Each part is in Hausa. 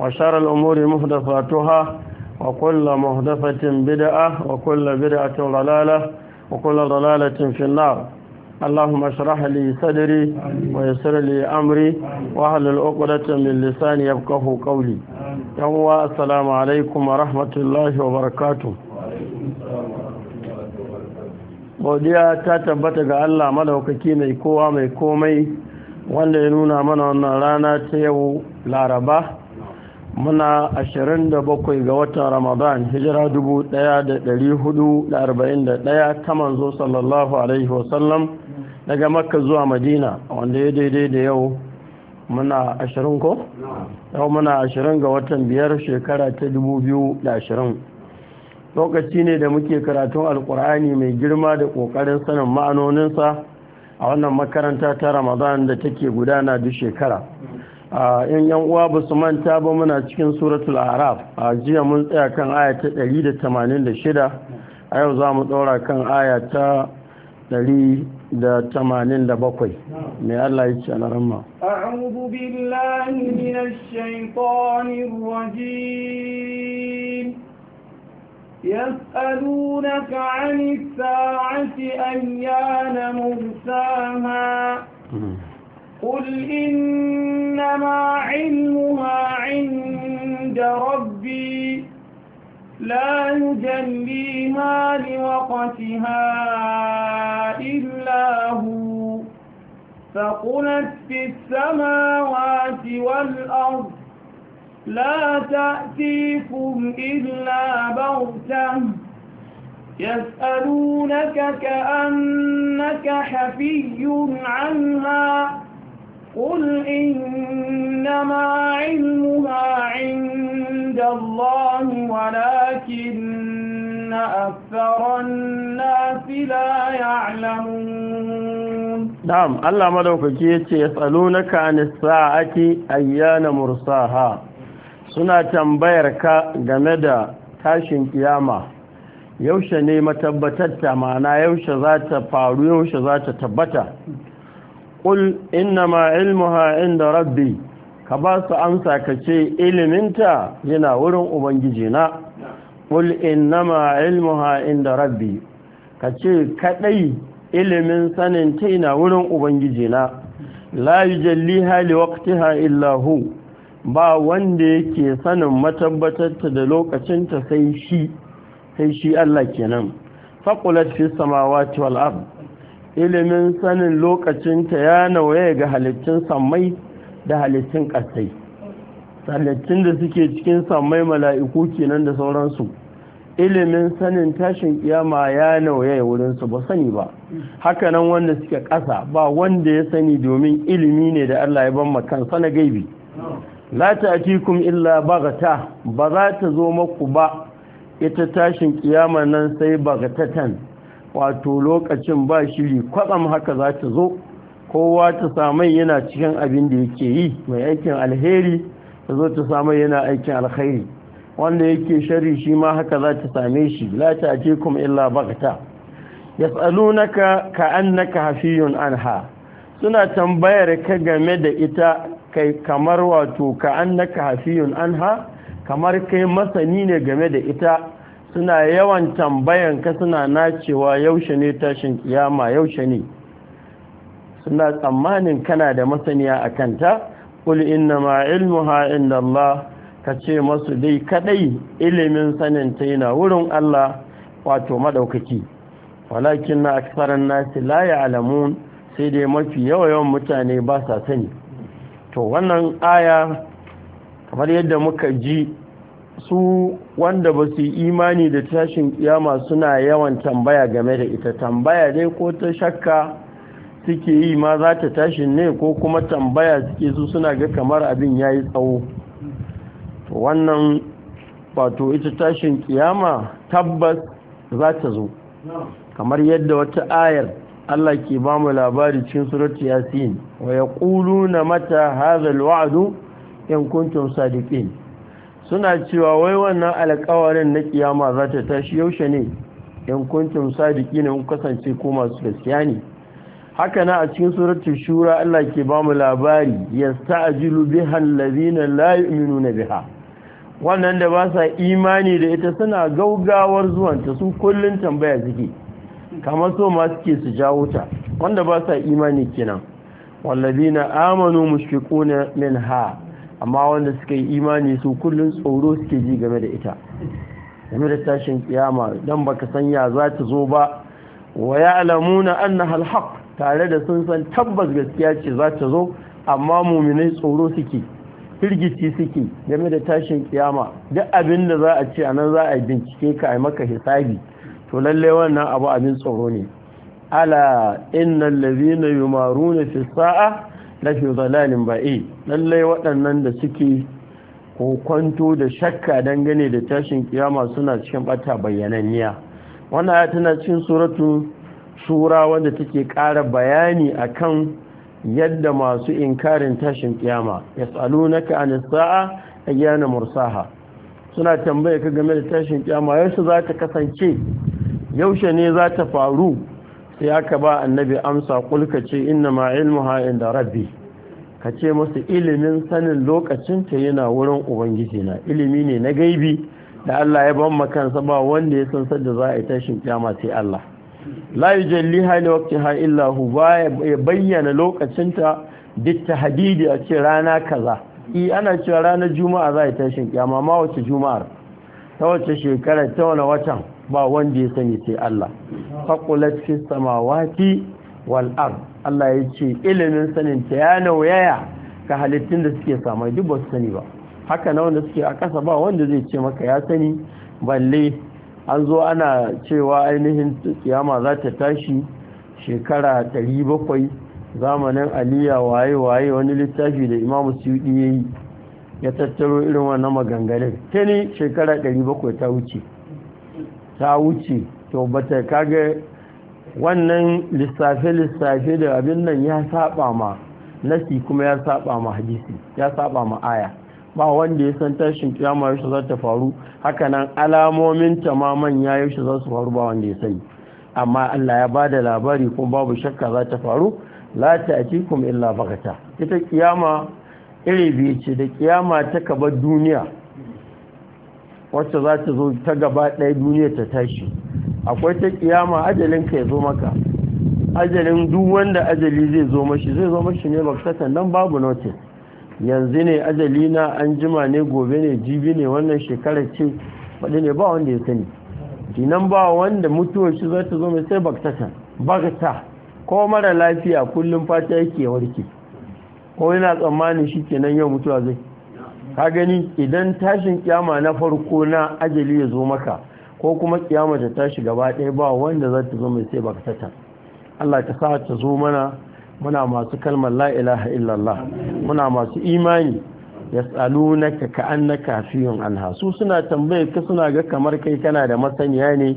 وشر الأمور مهدفاتها وكل مهدفة بدعة وكل بدعة ضلالة وكل ضلالة في النار اللهم اشرح لي صدري ويسر لي أمري وأهل العقدة من لساني يبقه قولي يوم السلام عليكم ورحمة الله وبركاته godiya ta tabbata ga Allah madaukaki mai kowa mai komai wanda ya nuna mana wannan rana ta yau laraba muna 27 ga watan ramadan hijira 1441 ta manzo sallallahu alaihi wasallam daga makka zuwa madina wanda ya daidai da yau muna 20 ko? yau muna 20 ga watan biyar shekara ta 2020 lokaci ne da muke karatun alkur'ani mai girma da ƙoƙarin sanin ma'anoninsa a wannan makaranta ta ramadan da take gudana duk shekara in yan uwa ba su manta ba muna cikin suratul araf a jiya mun tsaya kan aya ta 186 a yau za mu ɗora kan aya ta 187 mai Allah ya ce na ramma a'udhu billahi يسألونك عن الساعة أيان مرساها قل إنما علمها عند ربي لا يجليها لوقتها إلا هو فقلت في السماوات والأرض لا تأتيكم إلا بغتة يسألونك كأنك حفي عنها قل إنما علمها عند الله ولكن أكثر الناس لا يعلمون نعم الله ملوك جيت يسألونك عن الساعة أيان مرساها suna tambayar ka game da tashin kiyama yaushe ne matabbatar ta ma'ana yaushe za ta faru yaushe za ta tabbata ƙul ma ilmuha inda rabbi ka ba su amsa ka ce iliminta yana wurin ubangiji na ƙul ma ilmuha inda rabbi ka ce kaɗai ilimin ta yana wurin ubangiji na la yi hali hali ha illahu ba wanda yake sanin ta da lokacinta sai shi sai shi Allah kenan faqulat fi samawati wal ilimin sanin lokacinta ya nawaye ga halittun sammai da halittun ƙasai halittun da suke cikin sammai mala'iku kenan da sauransu ilimin sanin tashin kiyama ya nawaye wurinsu ba sani ba hakanan wanda suke ƙasa ba wanda ya sani domin ilimi ne da Allah ya ban makan na gaibi la ta'tikum illa bagata, ba za ta zo maku ba ita tashin kiyama nan sai bagatatan. wato lokacin ba shiri kwatsam haka za ta zo kowa ta samai yana cikin abin da yake yi mai aikin alheri ta zo ta samai yana aikin alheri wanda yake shari shi ma haka za ta same shi la ta ce kuma illa bakta yas'alunaka ka annaka hafiyun anha suna tambayar ka game da ita kai kamar wato ka annaka hafiyun anha kamar kai masani ne game da ita suna yawan tambayan ka suna nacewa yaushe ne tashin kiyama yaushe ne suna tsammanin kana da masaniya a kanta kul inna ma ilmuha inda Allah ka ce masu dai kaɗai ilimin sanin ta yana wurin Allah wato maɗaukaki walakin na aksarar nasi laye alamun sai dai mafi yawan mutane ba sa sani to wannan aya kamar yadda muka ji su wanda ba su imani da tashin kiyama suna yawan tambaya game da ita tambaya dai ko ta shakka suke yi ma za ta tashin ne ko kuma tambaya suke su suna ga kamar abin ya yi tsawo wannan wato ita tashin kiyama tabbas za ta zo kamar yadda wata ayar Allah ke ba mu labari cikin surati yasin wa na mata hazal wa'adu in kuntum sadiqin suna cewa wai wannan alƙawarin na kiyama za ta tashi yaushe ne in kuntum sadiki ne in kasance ko masu gaskiya ne haka na a cikin suratul shura Allah ke ba mu labari yasta'jilu biha allazina la yu'minuna biha wannan da ba sa imani da ita suna gaugawar zuwan ta su kullun tambaya suke kamar so ma suke su jawo ta wanda ba sa imani kenan wallazina amanu mushfiquna minha amma wanda suka yi imani su kullum tsoro suke ji game da ita game da tashin kiyama dan baka sanya za ta zo ba wa alamuna an na halhaf tare da sun san tabbas gaskiya ce za ta zo amma muminai tsoro suke firgici suke game da tashin kiyama duk abin da za a ce anan za a bincike ka a maka hisabi to lalle wannan abu abin tsoro ne ala innal ladhina yumaruna fi sa'a nafi zalalin ba eh lallai waɗannan da suke kwanto da shakka dangane da tashin kiyama suna cikin bata bayyananniya wannan ya tana cikin suratu sura wanda take ƙara bayani akan yadda masu inkarin tashin kiyama yas'alunaka anis sa'a ayyana mursaha suna tambaye ka game da tashin kiyama yaushe za ta kasance yaushe ne za ta faru sai aka ba annabi amsa kulka ce inna ma ilmuha inda rabbi ka ce masu ilimin sanin lokacin ta yana wurin ubangiji na ilimi ne na gaibi da Allah ya ban makansa ba wanda ya san sadda za a yi tashin kyama sai Allah la jalli hali wakti ha illa hu ba ya bayyana lokacin ta duk hadidi a ce rana kaza i ana cewa ranar juma'a za a yi tashin kyama ma wace juma'ar ta wace shekara ta wani watan ba wanda ya sani sai Allah faqulat fi samawati wal ard Allah ya ce ilimin sanin ta ya nauyaya ka halittun da suke samu duk ba su sani ba haka na wanda suke a kasa ba wanda zai ce maka ya sani balle an zo ana cewa ainihin kiyama za ta tashi shekara 700 zamanin aliya waye waye wani littafi da imamu suyudi ya yi ya tattaro irin wannan maganganun ta ne shekara 700 ta wuce ta wuce to bata kage wannan lissafe-lissafe da abin nan ya saba ma nasi kuma ya saba ma hadisi ya saba ma aya ba wanda ya san tashin kiyama yaushe za ta faru hakanan alamomin ta tamaman ya yaushe za su faru ba wanda ya sani amma Allah ya ba da labari kuma babu shakka za ta faru la kum illa bagata ita kiyama iri biyu ce da kiyama ta kabar duniya wacce za ta zo ta gaba ɗaya duniya ta tashi akwai ta kiyama ajalin ka ya zo maka ajalin duk wanda ajali zai zo mashi zai zo mashi ne maksatan nan babu notin yanzu ne ajali na an jima ne gobe ne jibi ne wannan shekarar ce faɗi ne ba wanda ya sani dinan ba wanda mutuwar shi za ta zo mai sai baktatan bakta ko mara lafiya kullum fata yake warke ko yana tsammanin shi kenan yau mutuwa zai ka gani idan tashin kiyama na farko na ajali ya zo maka ko kuma kiyama ta tashi gaba ɗaya ba wanda za ta zo mai sai baka tata Allah ta sa ta zo mana muna masu kalmar la ilaha illallah muna masu imani ya yas'alunaka ka'annaka hafiyun an su suna tambaye ka suna ga kamar kai kana da masaniya ne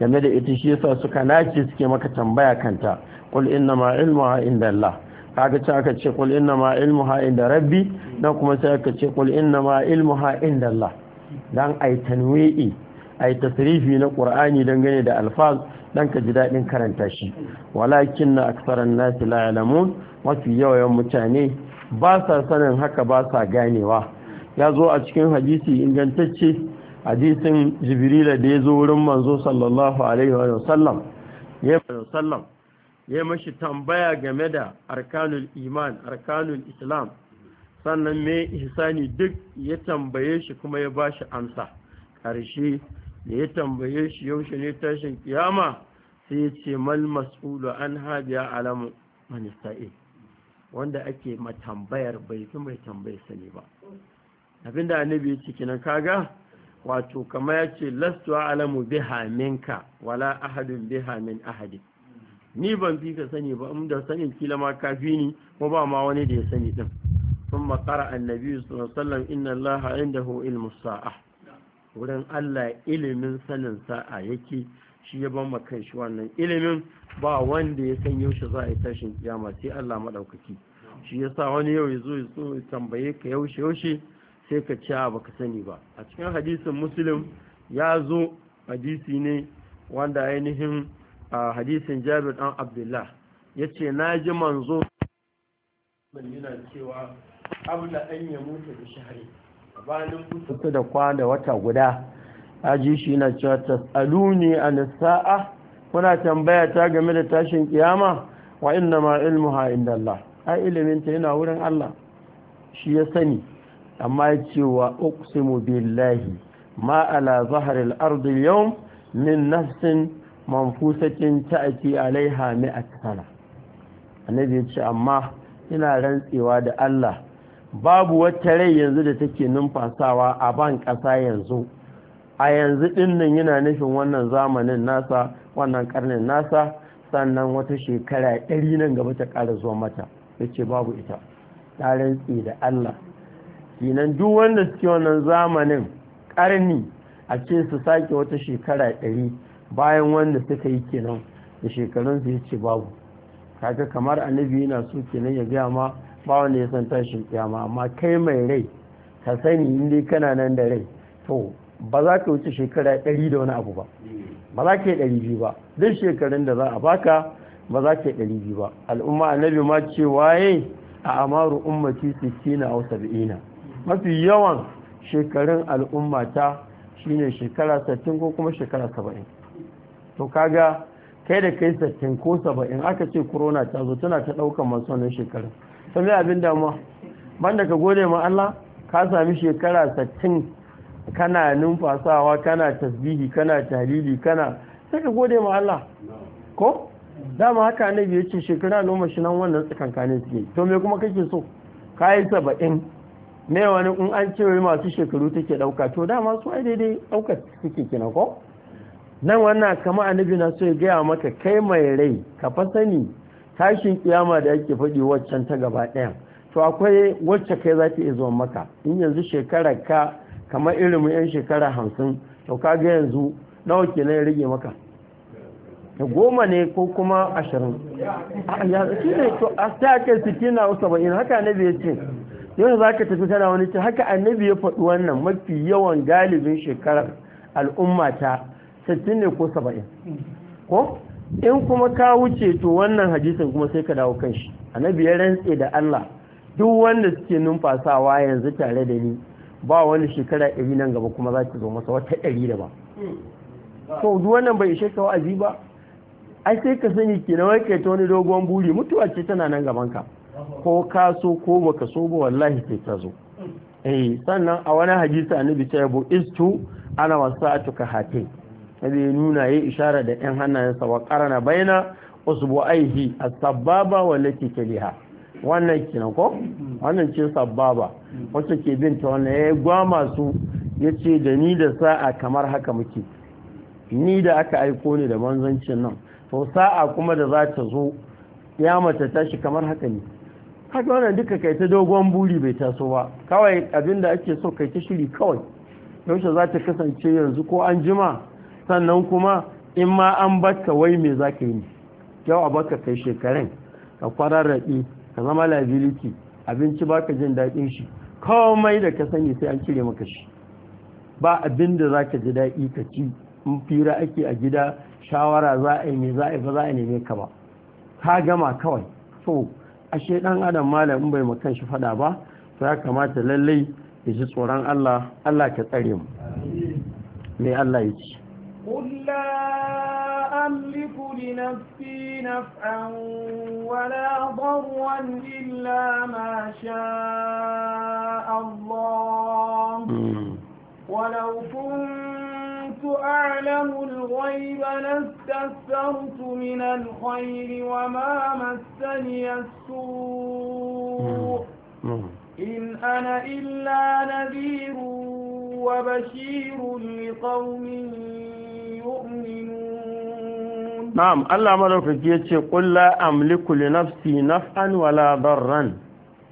game da ita shi yasa suka nace suke maka tambaya kanta qul inna ma ilmuha inda Allah haka ce aka ce kul inna ma ilmuha inda rabbi nan kuma sai aka ce kul inna ma ilmuha inda Allah dan ai tanwi'i ai tasrifi na qur'ani gane da alfaz dan ka ji dadin karanta shi walakin na aksaran nas la ya'lamun mafi yawan mutane ba sa sanin haka ba sa ganewa ya zo a cikin hadisi ingantacce hadisin jibrila da ya zo wurin manzo sallallahu alaihi wa sallam ya sallam ya mashi tambaya game da arkanul iman arkanul islam sannan mai ihsani duk ya tambaye shi kuma ya ba shi amsa ƙarshe da ya tambaye shi yaushe ne tashin kiyama sai ya ce mal mas'ulu an habiya alamun manista'i wanda ake matambayar bai fi mai tambaye sani ba abinda annabi ya ciki kinan kaga wato kama ya ce lastuwa alamu biha minka wala ahadin biha min ahadin ni ban fi ka sani ba in da sanin kila ma kafi ni ko ba ma wani da ya sani din sun makara annabi sallallahu alaihi wasallam inna allaha indahu ilmu sa'a wurin Allah ilimin sanin sa'a yake shi ya ban makan shi wannan ilimin ba wanda ya san yaushe za a yi tashin kiyama sai Allah madaukaki shi yasa wani yau ya zo ya so ya tambaye ka yaushe yaushe sai ka ci ba ka sani ba a cikin hadisin muslim ya zo hadisi ne wanda ainihin a hadisin jabir dan abdullah ya ce na ji manzo yana cewa abla an ya mutu da shahari bayan mutu da kwana wata guda aji shi na cewa tasaluni an sa'a kuna tambaya ta game da tashin kiyama wa inna ma ilmuha Allah? ai ilimin ta yana wurin Allah shi ya sani amma ya ce wa uqsimu billahi ma ala zahril ardi yawm min nafsin manfusakin ta'ati alaiha mi'at aksara annabi ce amma ina rantsewa da Allah babu wata rai yanzu da take numfasawa a ban ƙasa yanzu a yanzu ɗinnan yana nufin wannan zamanin nasa wannan karnin nasa sannan wata shekara ɗari nan gaba ta ƙara zuwa mata ya ce babu ita ta rantse da Allah sinan duk wanda suke wannan zamanin ƙarni a ce su sake wata shekara ɗari bayan wanda suka yi kenan da shekarun su yace babu kaga kamar annabi yana so kenan ya gaya ma ba wanda ya san tashin kiyama amma kai mai rai ka sani in dai kana nan da rai to ba za ka wuce shekara ɗari da wani abu ba ba za ka yi ɗari biyu ba duk shekarun da za a baka ba za ka yi ɗari biyu ba al'umma annabi ma ce waye a amaru ummati sittina aw sab'ina mafi yawan shekarun al'ummata shine shekara 60 ko kuma shekara saba'in to kaga kai da kai sattin ko saba'in aka ce corona ta zo tana ta ɗaukar masu wannan To me abin damuwa banda ka gode ma Allah ka sami shekara sattin kana numfasawa kana tasbihi kana tahlili kana sai ka gode ma Allah ko dama haka biye yace shekara noma shi nan wannan tsakankanin suke to me kuma kake so kai saba'in me wani in an cewa masu shekaru take dauka to dama su ai daidai daukar suke kina ko nan wannan kama annabi na so ya gaya maka kai mai rai ka fa sani tashin kiyama da yake faɗi waccan ta gaba ɗaya to akwai wacce kai za ta iya zuwa maka in yanzu shekarar ka kama irin mu yan shekara hamsin to ka ga yanzu nawa ke ya rage maka goma ne ko kuma ashirin ya shi ne to a ta kai sittin na saba'in haka annabi ya ce yau za ka tafi tana wani ce haka annabi ya faɗi wannan mafi yawan galibin shekarar al'ummata 60 ne ko 70 ko in kuma ka wuce to wannan hadisin kuma sai ka dawo kan shi annabi ya rantse da Allah duk wanda suke numfasawa yanzu tare da ni ba wani shekara iri nan gaba kuma za ki zo masa wata 100 da ba to duk wannan bai ishe ka wa'azi ba ai sai ka sani ke na wake ta wani dogon buri mutuwa ce tana nan gaban ka ko ka so ko baka so ba wallahi sai ta zo eh sannan a wani hadisi annabi ta yabo istu ana wasa'atuka hatin nabi ya nuna ya ishara da yan hannayensa wa ƙarana bayana aihi as-sababa wallati kaliha wannan kenan ko wannan ce sababa wacce ke bin ta wannan ya gwama su yace da ni da sa'a kamar haka muke ni da aka aiko ni da manzancin nan to sa'a kuma da za ta zo ya mata tashi kamar haka ne haka wannan duka kai ta dogon buri bai taso ba kawai abinda ake so kai ta shiri kawai yaushe za ta kasance yanzu ko an jima sannan kuma in ma an baka wai me za ka yi ne yau a baka kai shekarun ka raɗi ka zama liability abinci baka jin daɗin shi komai da ka sani sai an cire maka shi ba abin da za ka ji daɗi ka ci in fira ake a gida shawara za a yi me za a yi ba za a neme ka ba ka gama kawai so ashe ɗan adam malam in bai makan shi faɗa ba to ya kamata lallai ya ji tsoron Allah Allah ka tsare mu me Allah ya ci قل لا أملك لنفسي نفعا ولا ضرا إلا ما شاء الله ولو كنت أعلم الغيب لاستكثرت من الخير وما مسني السوء إن أنا إلا نذير وبشير لقوم Na'am, Allah madaukaki ya ce, "Kulla amliku li nafsi naf'an wala darran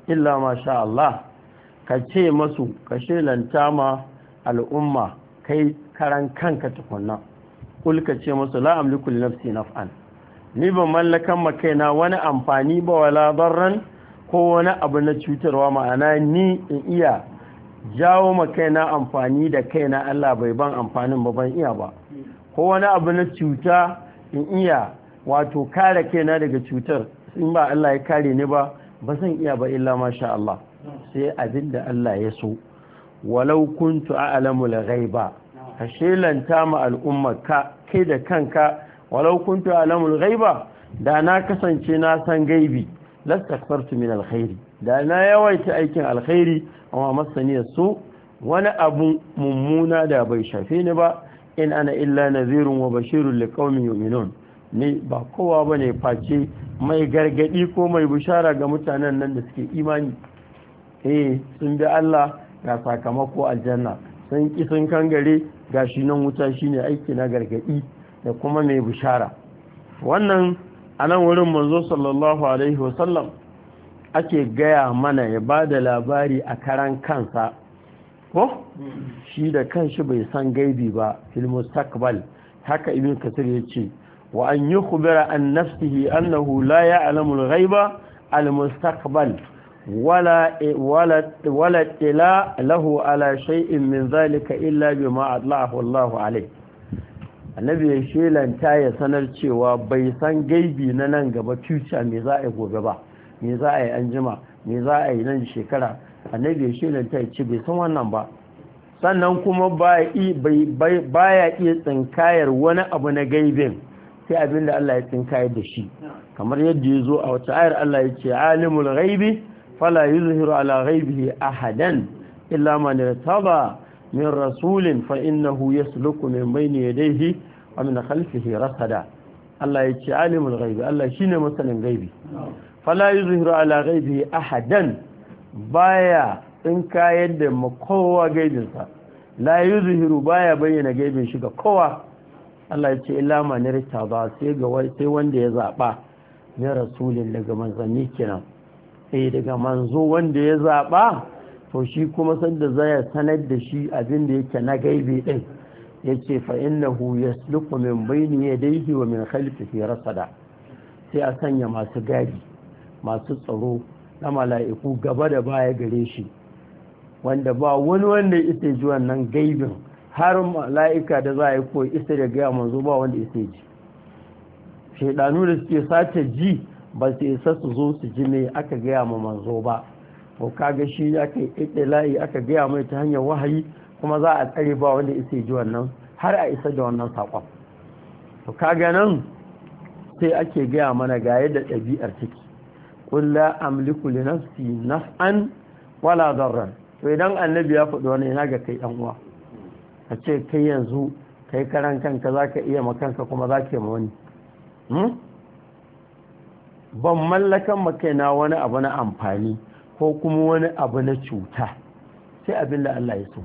illa ma ka ce masu kashe shilanta ma al’umma kai karan kanka tukunna, kul ka ce masu la amliku nafsi naf'an, ni ba mallakan makaina wani amfani ba wala darran ko wani abu na cutarwa ma'ana ni in iya jawo makaina amfani da kaina Allah bai ban amfanin ba ban iya ba. ko wani abu na cuta in iya wato kare na daga cutar in ba Allah ya kare ni ba ba zan iya ba illa masha Allah sai abin da Allah ya so walau kuntu a'lamu al-ghaiba ka shelanta ma al'umma ka kai da kanka walau kuntu a'lamu al-ghaiba da na kasance na san gaibi lastakfartu min al-khairi da na yawaita aikin alkhairi amma masaniyar su wani abu mummuna da bai shafe ni ba in ana illa nazirun wa bashirun qaumin yu'minun ni ba kowa bane face mai gargadi ko mai bushara ga mutanen nan da suke imani eh sun bi Allah ga sakamako aljanna sun ki sun gare gashi nan wuta shine aiki na gargadi da kuma mai bushara. wannan a nan wurin manzo sallallahu alaihi wasallam ake gaya mana ya ba da labari a karan kansa ko shi da kanshi bai san gaibi ba fil mustaqbal haka ibn kasir ce wa an yukhbira an nafsihi annahu la ya'lamu al-ghaiba al-mustaqbal wala wala wala lahu ala shay'in min zalika illa bima adlahu Allahu alayh annabi ya shelanta ya sanar cewa bai san gaibi na nan gaba future me za a gobe ba me za a yi anjima me za a yi nan shekara annabi ya shelanta ya ce bai san wannan ba sannan kuma baya iya tsinkayar wani abu na gaibin sai abin da Allah ya tsinkaya da shi kamar yadda ya zo a wata ayar Allah ya ce alimul gaibi fala yuzhiru ala ghaibihi ahadan illa man irtaba min rasulin fa innahu yasluku min bayni yadayhi wa min khalfihi rasada Allah ya ce alimul gaibi Allah shine masanin gaibi fala yuzhiru ala ghaibihi ahadan baya in kayar da kowa gaibinsa la yi zuhiru baya bayyana gaibin shiga kowa Allah ya ce ilama na rita ba sai ga sai wanda ya zaba na rasulin daga manzanni kenan sai eh, daga manzo wanda ya zaɓa to shi kuma sanda zai sanar da shi abin da yake na gaibi din yace fa innahu yasluku min bayni yadayhi wa min khalfihi rasada sai a sanya masu gadi masu tsaro na mala'iku gaba da baya gare shi wanda ba wani wanda isa ji wannan gaibin har mala'ika da za a yi ko isa da gaya manzo ba wanda isa ji shaidanu da suke sace ji ba su isa su zo su ji ne aka gaya ma manzo ba ko kaga shi aka yi layi aka gaya mai ta hanyar wahayi kuma za a tsare ba wanda isa ji wannan har a isa da wannan saƙon to kaga nan sai ake gaya mana ga yadda ɗabi'ar ciki. kun la amliku li nafsi naf'an wala darran to idan annabi ya faɗi wani yana ga kai dan uwa a ce kai yanzu kai karan kanka zaka iya ma kanka kuma zaka ma wani ban mallakan makaina wani abu na amfani ko kuma wani abu na cuta sai abin da Allah ya so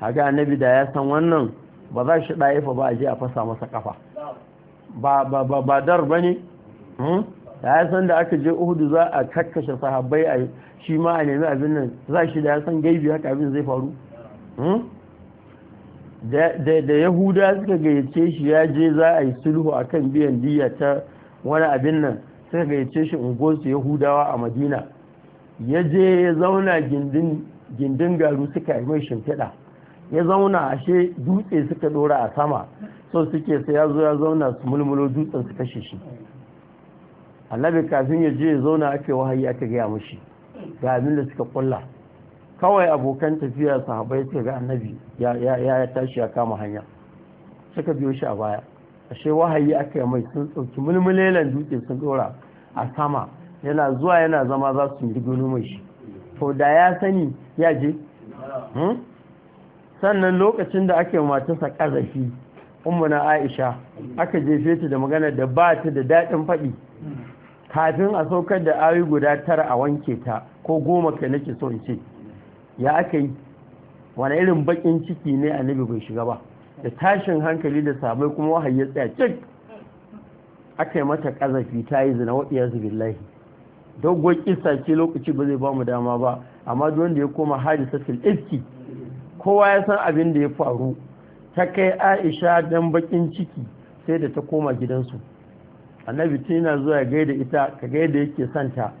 kaga annabi da ya san wannan ba za shi ɗaifa ba a je a fasa masa kafa ba ba ba dar bane da ya san da aka je uhudu za a kakkashe sahabbai a shi ma a nemi abin nan za shi da ya san gaibi haka abin zai faru hmm? da yahuda suka gayyace shi ya je za a yi sulhu a kan biyan diya ta wani abin nan suka gayyace shi ungosu yahudawa a madina ya je ya zauna gindin garu suka yi mai shimfiɗa ya zauna ashe dutse suka ɗora a sama so suke sai ya zo ya zauna su mulmulo dutsen su kashe shi annabi kafin ya je zauna ake wahayi aka gaya mushi ga abin da suka kulla kawai abokan tafiya sahabai suka ga annabi ya tashi ya kama hanya suka biyo shi a baya ashe wahayi aka mai sun tsauki mulmulelan dutse sun dora a sama yana zuwa yana zama za su yi gano mai shi to da ya sani ya je hmm? sannan lokacin da ake matarsa ƙazafi na aisha aka jefe ta da magana da ba ta da daɗin faɗi kafin a saukar da awi guda tara a wanke ta ko goma kai nake so in ce ya aka yi wani irin bakin ciki ne a Nabi bai shiga ba da tashin hankali da sabai kuma wahayi ya tsaya cik aka yi mata kazafi ta yi zina waɗiya zubillahi dogon kisa ce lokaci ba zai ba mu dama ba amma don wanda ya koma hadisa sassan, iski kowa ya san abin da ya faru ta kai aisha dan bakin ciki sai da ta koma gidansu annabi yana zuwa ya gaida ita ka gaida yake santa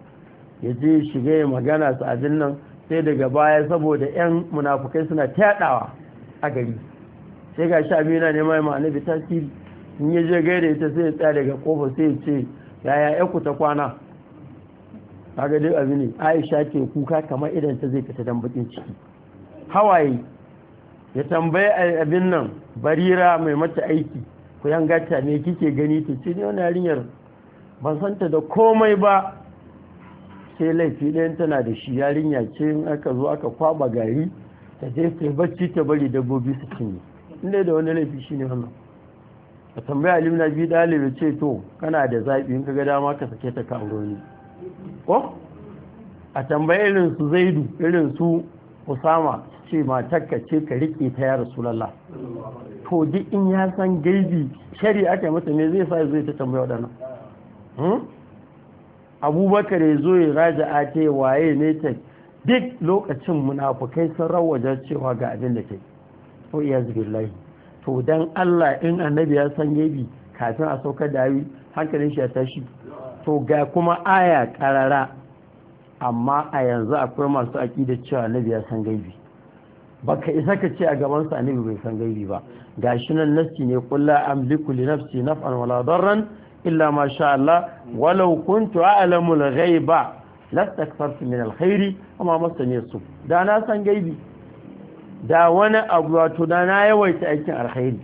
ya je shiga ya magana su abin nan sai daga baya saboda 'yan munafukai suna tyaɗawa a gari sai ga shi amina ne mai annabi tasiri in ya je gaida ita sai ya tsaya daga kofa sai ya ce yaya yaku ta kwana kaga dai abin ne aisha ke kuka kamar idan ta zai fita dan bakin ciki hawaye ya tambaye abin nan barira mai mata aiki ku yan gata ne kike gani ta ce ne wani yarinyar ban santa da komai ba sai laifi ɗayan tana da shi yarinya ce in aka zo aka kwaba gari ta je ta bacci ta bari dabbobi su cinye inda da wani laifi shine wannan a tambaya alim na biyu ɗalibi ce to kana da zaɓi in kaga dama ka sake ta ka ne ko a tambaya irin su zaidu irin su usama ce takka ce ka riƙe ta ya rasulallah to duk in ya san gaibi shari yi masa ne zai sa zai ta tambaya waɗannan hmm? abubakar ya zo ya raja a waye ne ta duk lokacin munafukai sun rawaje cewa ga abin da ke to iya zubillahi to dan Allah in annabi ya san gaibi kafin a saukar da yi hankalin shi ya tashi to ga kuma aya karara amma a yanzu akwai masu aƙida cewa annabi ya san gaibi baka isa ka ce a gaban sa annabi bai san gaibi ba gashi nan nasi ne kullu amliku li nafsi naf'an wala darran illa ma sha Allah walau kuntu a'lamu al-ghaiba lastakfartu min al-khairi amma masani su da na san gaibi da wani abu wato da na yawaita aikin alkhairi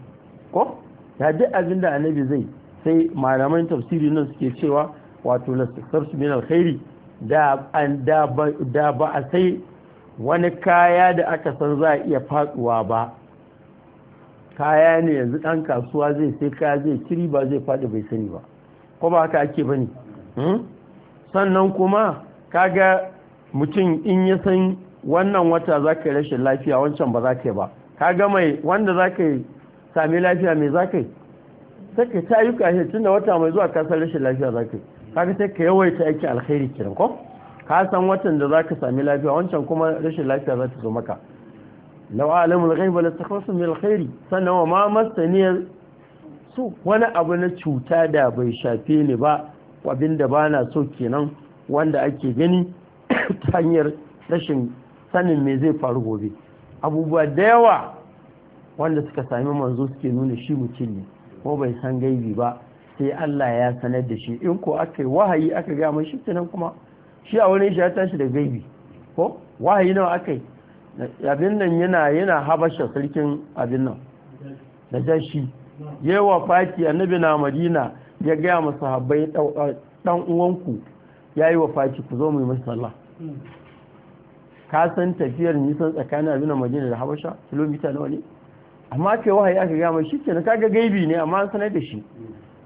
ko da duk abin da annabi zai sai malaman tafsiri nan suke cewa wato lastakfartu min al-khairi da da ba sai wani kaya da aka san za a iya faduwa ba kaya ne yanzu ɗan kasuwa zai sai kaya zai kiri ba zai faɗi bai sani ba ko ba haka ake bane hmm? sannan kuma kaga mutum in ya san wannan wata za ka yi rashin lafiya wancan ba za ka yi ba kaga mai wanda za ka yi sami lafiya mai za ka yi sai ka ta yi kashe tun da wata mai zuwa kasar rashin lafiya za ka yi kaga sai ka yawaita aiki alkhairi kiran ko ka san watan da zaka sami lafiya wancan kuma rashin lafiya za ta zo maka law alamul ghaiba lastakhaftu min alkhairi sannan wa ma masaniyar su wani abu na cuta da bai shafe ni ba abin da bana so kenan wanda ake gani ta hanyar rashin sanin me zai faru gobe abubuwa da yawa wanda suka sami manzo suke nuna shi mutum ne ko bai san gaibi ba sai Allah ya sanar da shi in ko aka wahayi aka ga mai shi kenan kuma shi a wani shi ya tashi da gaibi ko wahayi nawa aka yi abin nan yana yana habasha sarkin abin nan da jashi yawa faki annabi na madina ya gaya masa habai dan uwanku ya yi wa faki ku zo mu yi masallah ka san tafiyar nisan tsakanin abin nan madina da habasha kilomita nawa ne amma kai wahayi aka gaya mai shi na kaga gaibi ne amma an sanar da shi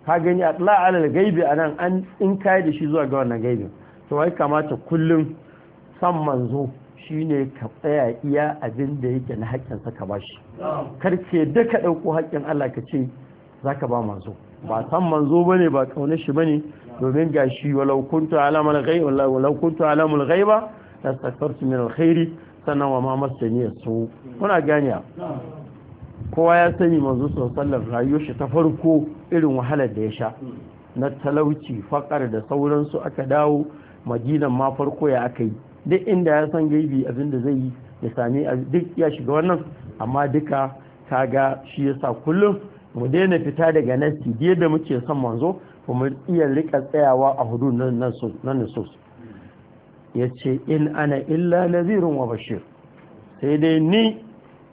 ka gani a tsala alal gaibi anan an in kai da shi zuwa ga wannan gaibin to ai kamata kullum san manzo shine ka tsaya iya abin da yake na sa ka bashi karke da ka ɗauko haƙƙin Allah ka ce za ka ba manzo ba san manzo ba ne ba ƙaunar shi ba ne domin ga shi walau kuntu alamul ghaiba la min alkhairi sannan wa ma masani su kuna ganiya kowa ya sani manzo sallallahu rayuwar shi ta farko irin wahalar da ya sha na talauci faƙar da sauransu aka dawo madinan ma farko ya aka yi duk inda ya san gaibi abin da zai yi ya sami duk ya shiga wannan amma duka kaga shi yasa kullum mu daina fita daga nasti da muke son manzo mu iya rika tsayawa a hudu na nusus ya ce in ana illa nazirin wa bashir sai dai ni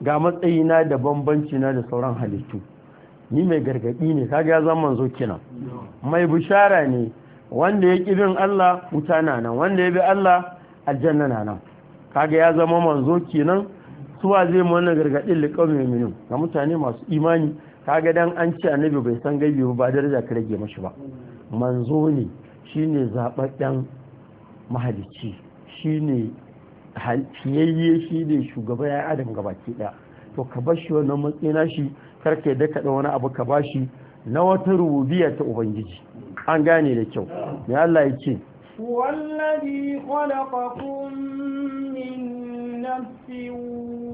ga matsayina da bambanci na da sauran halittu ni mai gargadi ne kaga ya zama manzo kina mai bishara ne wanda ya ƙi bin Allah wuta na nan wanda ya bi Allah aljanna na nan kaga ya zama manzo kenan suwa zai mu wannan gargadin liqawmi mu'minin ga mutane masu imani kaga dan an ce annabi bai san gaibi ba daraja ka rage mashi ba manzo ne shine zababben mahalicci shine halciyayye shi ne shugaba ya adam gabaki daya to ka bashi shi wannan matsina shi karka yadda ka wani abu ka bashi na wata rububiyar ta ubangiji an gane da kyau mai Allah ya ce wallazi khalaqakum min nafsin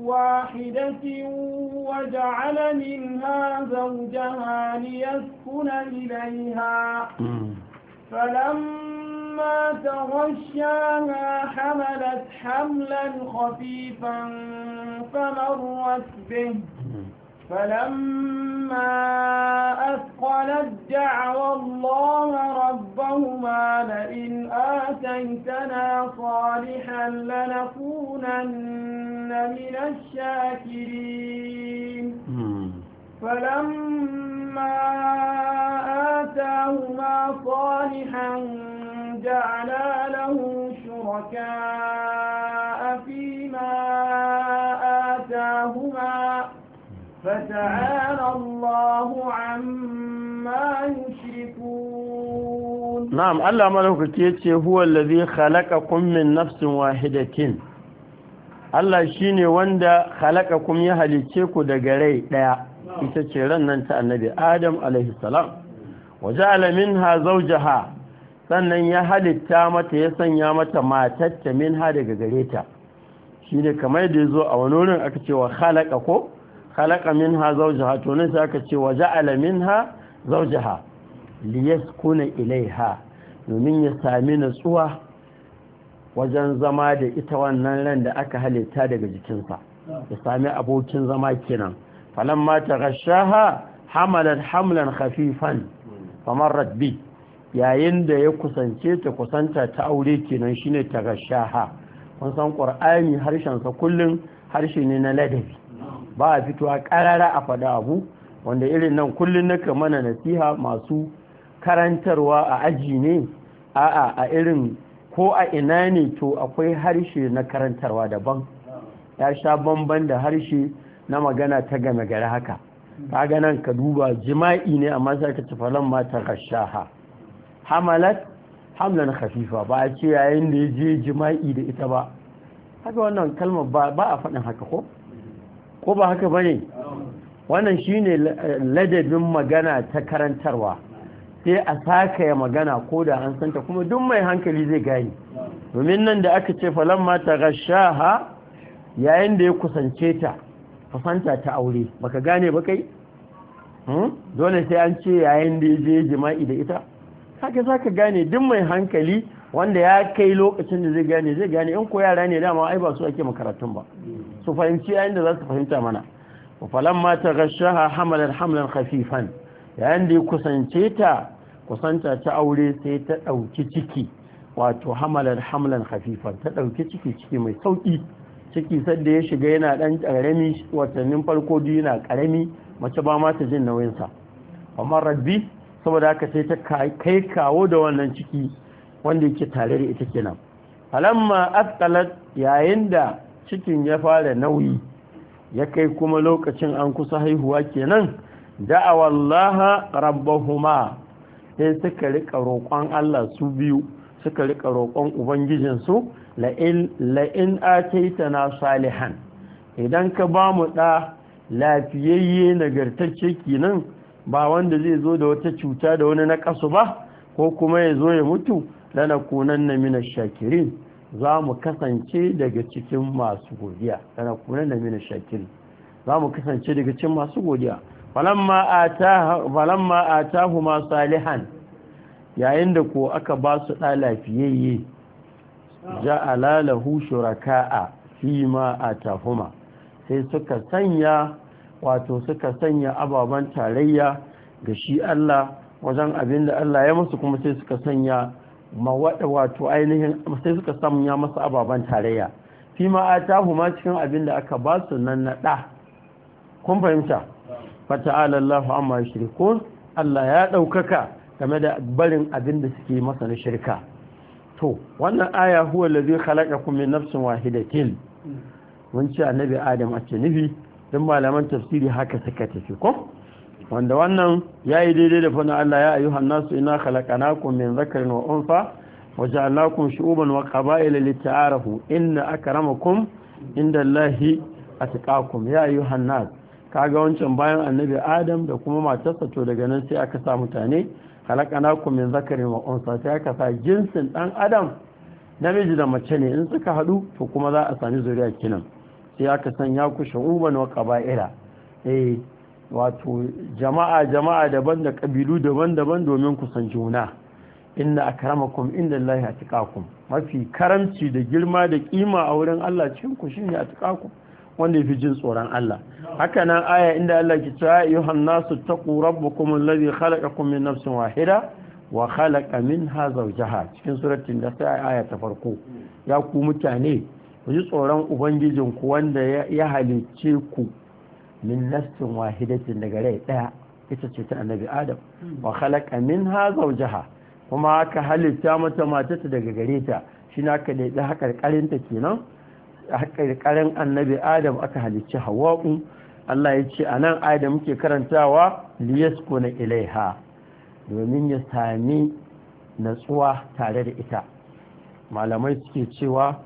wahidatin waja'ala minha zawjaha liyaskuna ilayha فلما تغشاها حملت حملا خفيفا فمرت به فلما أثقل الدعوى الله ربهما لئن آتيتنا صالحا لنكونن من الشاكرين فلما آتاهما صالحا جعلا له شركاء فيما آتاهما فتعالى الله عما يشركون نعم الله ملك يتي هو الذي خلقكم من نفس واحدة Allah shi ne wanda halaka kum ya halice ku daga rai ɗaya ita ce ran nan ta annabi Adam alaihissalam waje alamin ha zaujaha sannan ya halitta mata ya sanya mata matatta min ha daga gare ta shi ne kamar da ya zo a wani wurin aka cewa halaka ko خلق minha زوجها to ne وجعل منها زوجها ليسكن ja'ala ومن zawjaha liyaskuna ilaiha domin ya sami natsuwa wajen zama da ita wannan ran da aka halitta daga jikinsa ya sami abokin zama kenan ta gashaha, hamalan hamlan khafifan famarrat bi yayin da ya kusance ta kusanta ta aure kenan shine ta gashaha. kun san qur'ani harshen sa kullun harshe ne na ladabi ba a fitowa karara a fada abu wanda irin nan kullum na mana nasiha masu karantarwa a aji ne a'a a irin ko a ina ne to akwai harshe na karantarwa daban ya sha bamban da harshe na magana ta game gari haka kaga nan ka duba jima'i ne a sai ka ci mata kashaha hamalat hamlan khafifa ba a ce yayin da ya je jima'i da ita ba haka wannan kalmar ba a faɗin haka ko ko ba haka bane wannan shine ladabin magana ta karantarwa sai a sakaya magana ko da an santa kuma duk mai hankali zai gani domin nan da aka ce ma ta gashaha yayin da ya kusance ta fasanta ta aure baka gane ba kai hmm? dole sai an ce yayin da ya je jima'i da ita haka za ka gane duk mai hankali wanda ya kai lokacin da zai gane zai gane in ko yara ne dama ai ba su ake makaratun ba su fahimci yayin da za su fahimta mana falon mata gashaha hamalar hamalar hafifan yayin da ya kusance ta kusanta ta aure sai ta ɗauki ciki wato hamalar hamalar hafifan ta ɗauki ciki ciki mai sauƙi ciki sadda ya shiga yana ɗan ƙarami watannin farko biyu yana ƙarami mace ba ma ta jin nauyinsa amma rabbi saboda haka sai ta kai kawo da wannan ciki wanda yake tare da ita kenan falamma asqalat yayin da cikin ya fara nauyi ya kai kuma lokacin an kusa haihuwa kenan da'awa Allah rabbahuma sai suka rika roƙon Allah su biyu suka rika roƙon su la'in la'in ataitana salihan idan ka ba mu da lafiyayye nagartacce kenan ba wanda zai zo da wata cuta da wani na kasu ba ko kuma ya zo ya mutu lana kunanna minash shakirin za mu kasance daga cikin masu godiya kana kunan da mina shakiri za mu kasance daga cikin masu godiya falamma a tahu ma salihan yayin da ko aka ba su ɗa lafiyayye ja'ala shuraka shuraka'a fi ma a tahuma sai suka sanya wato suka sanya ababen tarayya ga shi Allah wajen abin da Allah ya masu kuma sai suka sanya ma wato ainihin sai suka samu ya masa ababen tarayya fi ma tahu ma cikin abin da aka ba su nan na ɗa kun fahimta fata'ala Allahu amma yushrikun Allah ya ɗaukaka game da barin abin da suke masa na shirka to wannan aya huwa allazi khalaqakum min nafsin wahidatin mun ci annabi Adam a ce nufi dan malaman tafsiri haka suka tafi ko wanda wannan ya yi daidai da fana Allah ya ayyuhan nasu ina khalaqnakum min zakarin wa unfa wa ja'alnakum shu'uban wa qaba'ila lita'arafu inna akramakum indallahi atqakum ya ayyuhan nas kaga wancan bayan annabi Adam da kuma matarsa to daga nan sai aka sa mutane khalaqnakum min zakarin wa unfa sai aka sa jinsin ɗan adam namiji da mace ne in suka haɗu to kuma za a sami zuriya kinan sai aka sanya ku shu'uban wa qaba'ila eh wato jama'a jama'a daban da ƙabilu daban-daban domin kusan juna inna akramakum inda Allah atqakum mafi karamci da girma da ƙima a wurin Allah cikin ku shine ku. wanda yafi jin tsoron Allah haka nan aya inda Allah ke cewa ayyuhan nasu taqu rabbakum alladhi khalaqakum min nafsin wahida wa khalaqa minha zawjaha cikin suratin da sai aya ta farko ya ku mutane ku ji tsoron ubangijinku wanda ya halicce ku min nafsin wahidatin daga rai daya ita ce ta annabi adam hmm. wa khalaqa minha zawjaha kuma aka halitta mata matata daga gare ta aka na ka daidai ta kenan hakarkarin annabi adam aka halicci hawa'u Allah ya ce a nan adam muke karantawa liyasko na ilaiha domin ya sami natsuwa tare da ita malamai suke cewa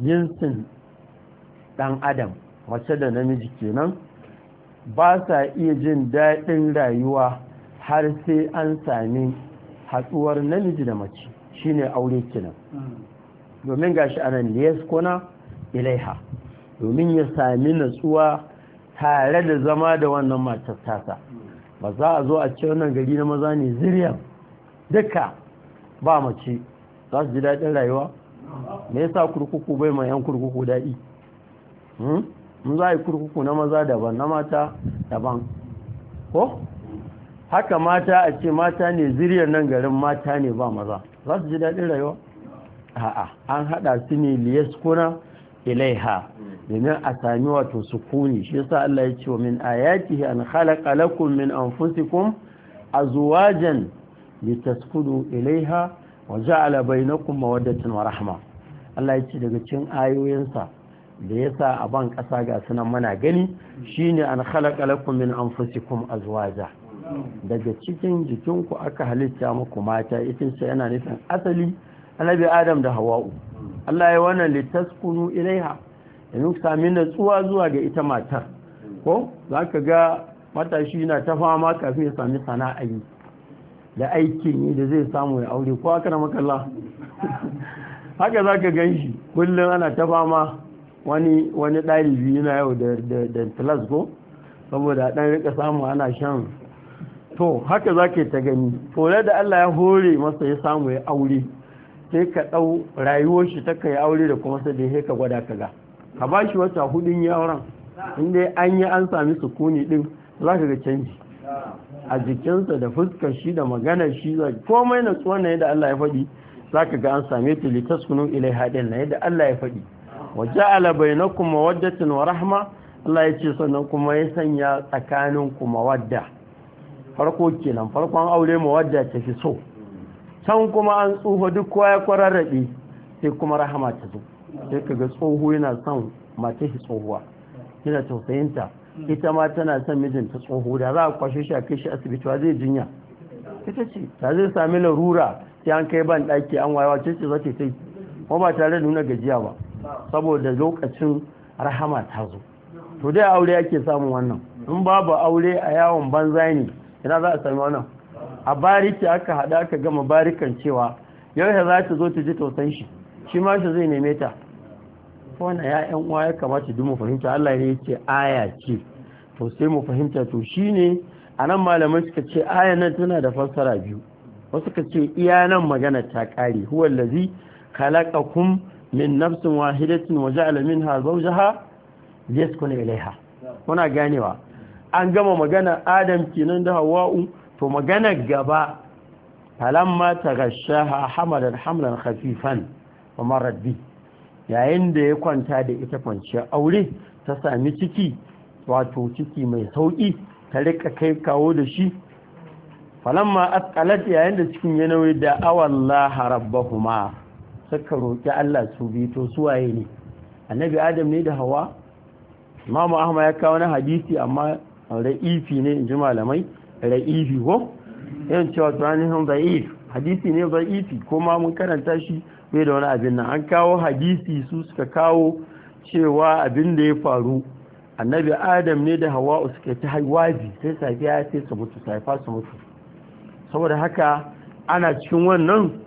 jinsin dan adam mace da namiji kenan ba sa iya jin daɗin rayuwa har sai an sami hatsuwar namiji da mace shine aure kenan domin gashi anan liyaskuna ilaiha domin ya sami natsuwa tare da zama da wannan matar tasa ba za a zo a ce wannan gari na maza ne ziryan duka ba mace za su ji daɗin rayuwa me yasa kurkuku bai mai yan kurkuku daɗi hmm? in za a yi kurkuku na maza daban na mata daban ko haka mata a ce mata ne ziriyar nan garin mata ne ba maza za su ji daɗin rayuwa a'a an haɗa su ne liyaskuna ilaiha domin a sami wato sukuni shi yasa Allah ya ce wa min ayatihi an khalaqa lakum min anfusikum azwajan litaskunu ilaiha wa ja'ala bainakum mawaddatan wa rahma Allah ya ce daga cikin ayoyinsa da ya sa a ban ƙasa ga sunan mana gani shine an khalaqa lakum min anfusikum azwaja daga cikin jikinku aka halitta muku mata ita yana nufin asali annabi adam da hawa'u Allah ya wannan litaskunu ilaiha yanzu sami natsuwa zuwa ga ita matar ko zaka ga matashi na ta fama kafin ya sami sana'a yi da aikin yi da zai samu ya aure ko haka na makalla haka zaka gan shi kullum ana ta fama wani ɗalibi yana yau da da ko saboda ɗan rika samu ana shan to haka za ka ta gani tore da Allah ya hore masa ya samu ya aure sai ka ɗau rayuwar shi ta kai aure da kuma sai da ka gwada ka ga ka ba shi wata hudun yaran inda an yi an sami sukuni ɗin, za ka ga canji a jikinsa da fuskar shi da maganar shi za komai na tsohon da Allah ya faɗi za ka ga an same ta litas ilai haɗin na yadda Allah ya faɗi wa ja'ala bainakum mawaddatan wa rahma Allah ya sannan kuma ya sanya tsakanin ku mawadda farko kenan farkon aure mawadda ta fi so can kuma an tsoho duk kowa ya kwararrabe sai kuma rahama ta zo sai kaga tsoho yana son mace shi tsohuwa yana tausayinta ita ma tana son mijinta tsoho da za a kwashe shi a kai shi asibiti zai jinya ita ce ta zai sami larura sai an kai ban ɗaki an wayewa ce ce za ta yi kuma ba tare da nuna gajiya ba saboda lokacin rahama ta zo to dai aure ake samun wannan in babu aure a yawon banza ne ina za a sami wannan a bariki aka hada aka gama barikan cewa yau ya za ta zo ta ji tausan shi shi ma shi zai neme ta na ya yan uwa ya kamata duk mu fahimta Allah ne yace aya ce to sai mu fahimta to shine anan malamai suka ce aya nan tana da fassara biyu wasu suka ce iya nan magana ta kare huwallazi khalaqakum min nafsin wahidatin waje alamin ha zaujaha yaskun ilaiha kuna ganewa an gama magana adam kenan da hawa'u to magana gaba falamma tagashaha hamalan hamlan khafifan wa marad bi yayin da ya kwanta da ita kwanciya aure ta sami ciki wato ciki mai sauki ta rika kai kawo da shi falamma atqalat yayin da cikin ya nauyi da awallaha rabbahuma suka roƙi Allah su bi to waye ne annabi adam ne da hawa imamu ahmad ya kawo na hadisi amma ra'ifi ne in ji malamai ra'ifi ko yan cewa tunanin za'if hadisi ne za'ifi ma mun karanta shi bai da wani abin nan an kawo hadisi su suka kawo cewa abin da ya faru annabi adam ne da hawa suka ta haiwaji sai safiya sai su mutu safa su mutu saboda haka ana cikin wannan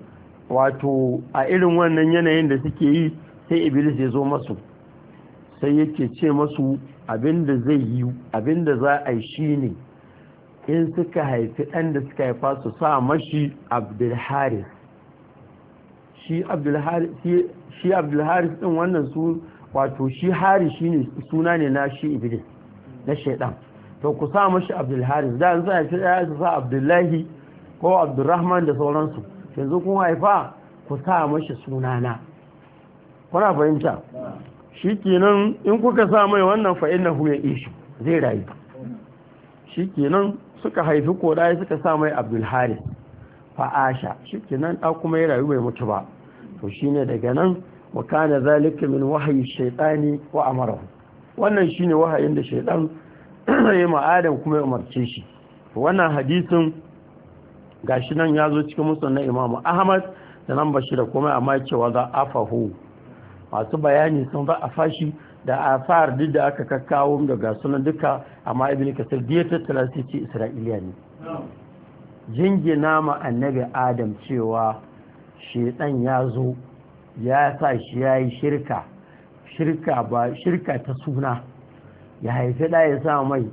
wato a irin wannan yanayin da suke yi sai iblis ya zo masu sai yake ce masu abinda zai yi abinda za a yi shi ne in suka haifi ɗan da suka haifa su sa mashi abdulharis shi abdulharis ɗin wannan su wato shi hari shi ne suna ne na shi iblis na shaidan to ku sa mashi abdulharis da an sa haifi ɗaya su sa abdullahi ko abdulrahman da sauransu yanzu kun haifa ku sa mashi sunana kuna fahimta shi kenan in kuka sa mai wannan fa'in na huya ishi zai rayu shi kenan suka haifi ya suka sa mai abdulharis fa'asha shi kenan ɗa kuma ya rayu bai mutu ba to shi daga nan wa kana zalika min wahayi shaitani wa amarahu wannan shine wahayin da shaitan ya ma'adam kuma ya umarce shi wannan hadisin gashi nan ya zo cikin musu na imamu ahmad da nan bashi da komai amma cewa za a fahu masu bayani sun za a fashi da a fahar duk da aka kakkawo da ga sunan duka amma ibn kasar biyar tattala su ce isra'iliya ne jingina ma annabi adam cewa dan ya zo ya sa shi ya yi shirka shirka ba shirka ta suna ya haifi da ya sa mai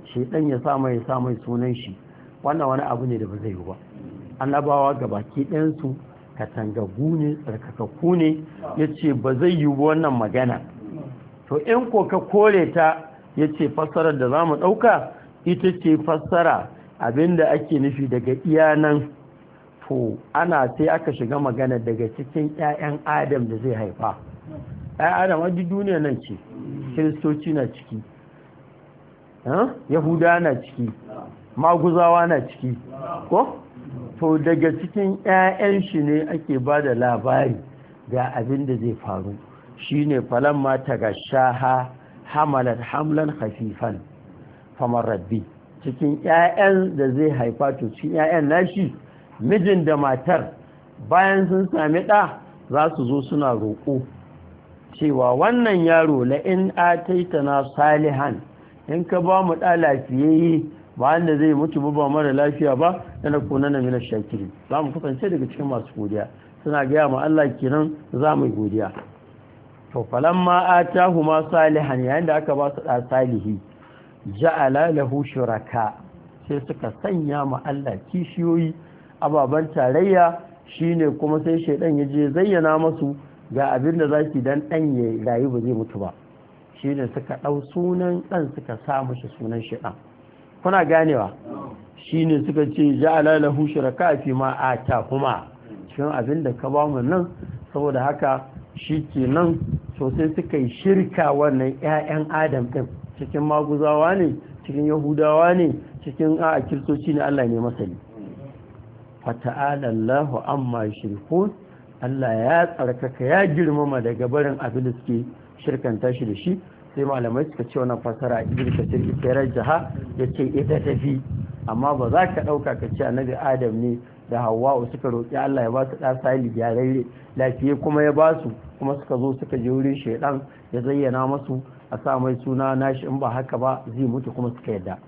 ya sa mai ya sa mai sunan shi wannan wani abu ne da ba zai yi ba annabawa gabaki ɗansu katangagu ne tsarkakakku ne ya ce ba zai yi wannan magana to in ko ka kore ta ya ce fassarar da za mu ɗauka ita ce fassara abinda ake nufi daga iyanan to ana sai aka shiga magana daga cikin 'ya'yan adam da zai haifa 'ya'yan adam a duniya nan ce kiristoci na ciki yahuda na ciki maguzawa na ciki ko to daga cikin 'ya'yan shi ne ake ba da labari ga abin da zai faru Shi shine falan mata ga shaha Hamalar. hamlan hafifan famar rabbi cikin 'ya'yan da zai haifa to cikin 'ya'yan nashi mijin da matar bayan sun sami ɗa za su zo suna roƙo cewa wannan yaro la in na salihan in ka ba mu ɗa lafiyayye bayan da zai mutu ba mara lafiya ba yana konana na mina shakiri za mu kasance daga cikin masu godiya suna gaya ma Allah kenan za mu yi godiya to ma falamma hu ma salihan yayin da aka ba su da salihi ja'ala lahu shuraka sai suka sanya ma Allah kishiyoyi ababan tarayya shine kuma sai shedan ya je zayyana masu ga abin da zaki dan dan ya rayu ba zai mutu ba shine suka dau sunan dan suka sa mushi sunan shedan kuna ganewa shi ne suka ce ja'ala lahu shuraka fi ma kuma cikin abin da ka bamu nan saboda haka shi ke nan sosai suka yi shirka wannan yayan adam ɗin cikin maguzawa ne cikin yahudawa ne cikin a kiristoci ne Allah ne masani fata'ala lahu amma shirku Allah ya tsarkaka ya girmama daga barin abin da suke shirkanta shi da shi sai malamai suka ce wannan fasara ibn kasir ita jaha yace ita tafi amma ba za ka dauka ka ce annabi adam ne da hawa'u suka roki Allah ya ba su da sali gyararre lafiye kuma ya ba su kuma suka zo suka je wurin shaidan ya zayyana musu a sa mai suna nashi in ba haka ba zai mutu kuma suka yadda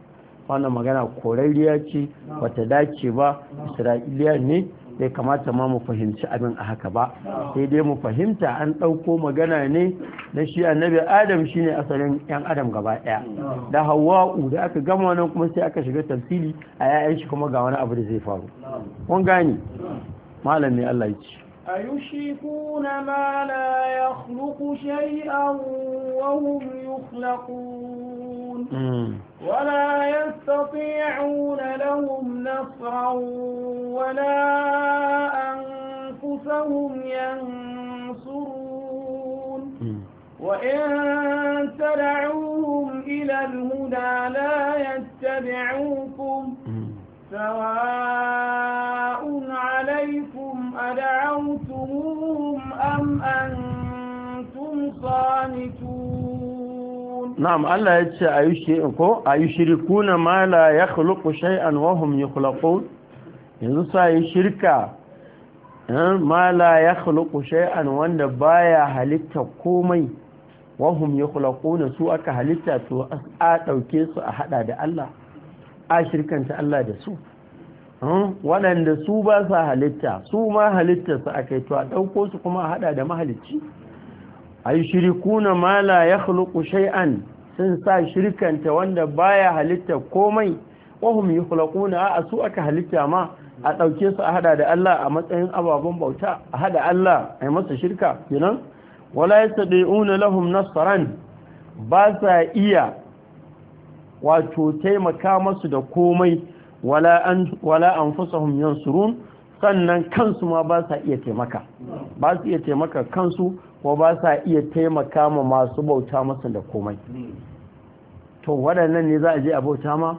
wannan magana korariya ce ba ta dace ba isra'iliya ne bai kamata ma mu fahimci abin a haka ba sai dai mu fahimta an ɗauko magana ne na shi annabi adam shine asalin yan adam gaba ɗaya da hawa'u da aka gama wannan kuma sai aka shiga tafsili a 'ya'yan shi kuma ga wani abu da zai faru kun gani malam ne Allah ya أيشركون ما لا يخلق شيئا وهم يخلقون ولا يستطيعون لهم نصرا ولا أنفسهم ينصرون وإن تدعوهم إلى الهدى لا يتبعوكم سواء عليكم أدعوتموهم أم أنتم صامتون نعم الله يتسى أيشركون ما لا يخلق شيئا وهم يخلقون ينزل يشركا ma la ya khuluku shay'an wanda baya halitta komai wahum yakhluquna su aka halitta to a ɗauke su a haɗa da Allah a shirkanta Allah da su Hmm? waɗanda su ba sa halitta su ma halittarsa aka yi tuwa ɗauko su kuma haɗa da mahalicci a yi shirikuna ma la ya huluku shai'an sun sa shirkanta wanda baya halitta komai wahum yi na? a su aka halitta ma a ɗauke su a haɗa da Allah a matsayin ababen bauta a haɗa Allah a yi masa shirka ginan wala ya 'una lahum nasaran ba sa iya wato taimaka masu da komai wala an wala yan surun sannan kansu ma ba sa iya taimaka ba su iya taimaka kansu ko ba sa iya taimaka ma masu bauta masa da komai to waɗannan ne za a je a bauta ma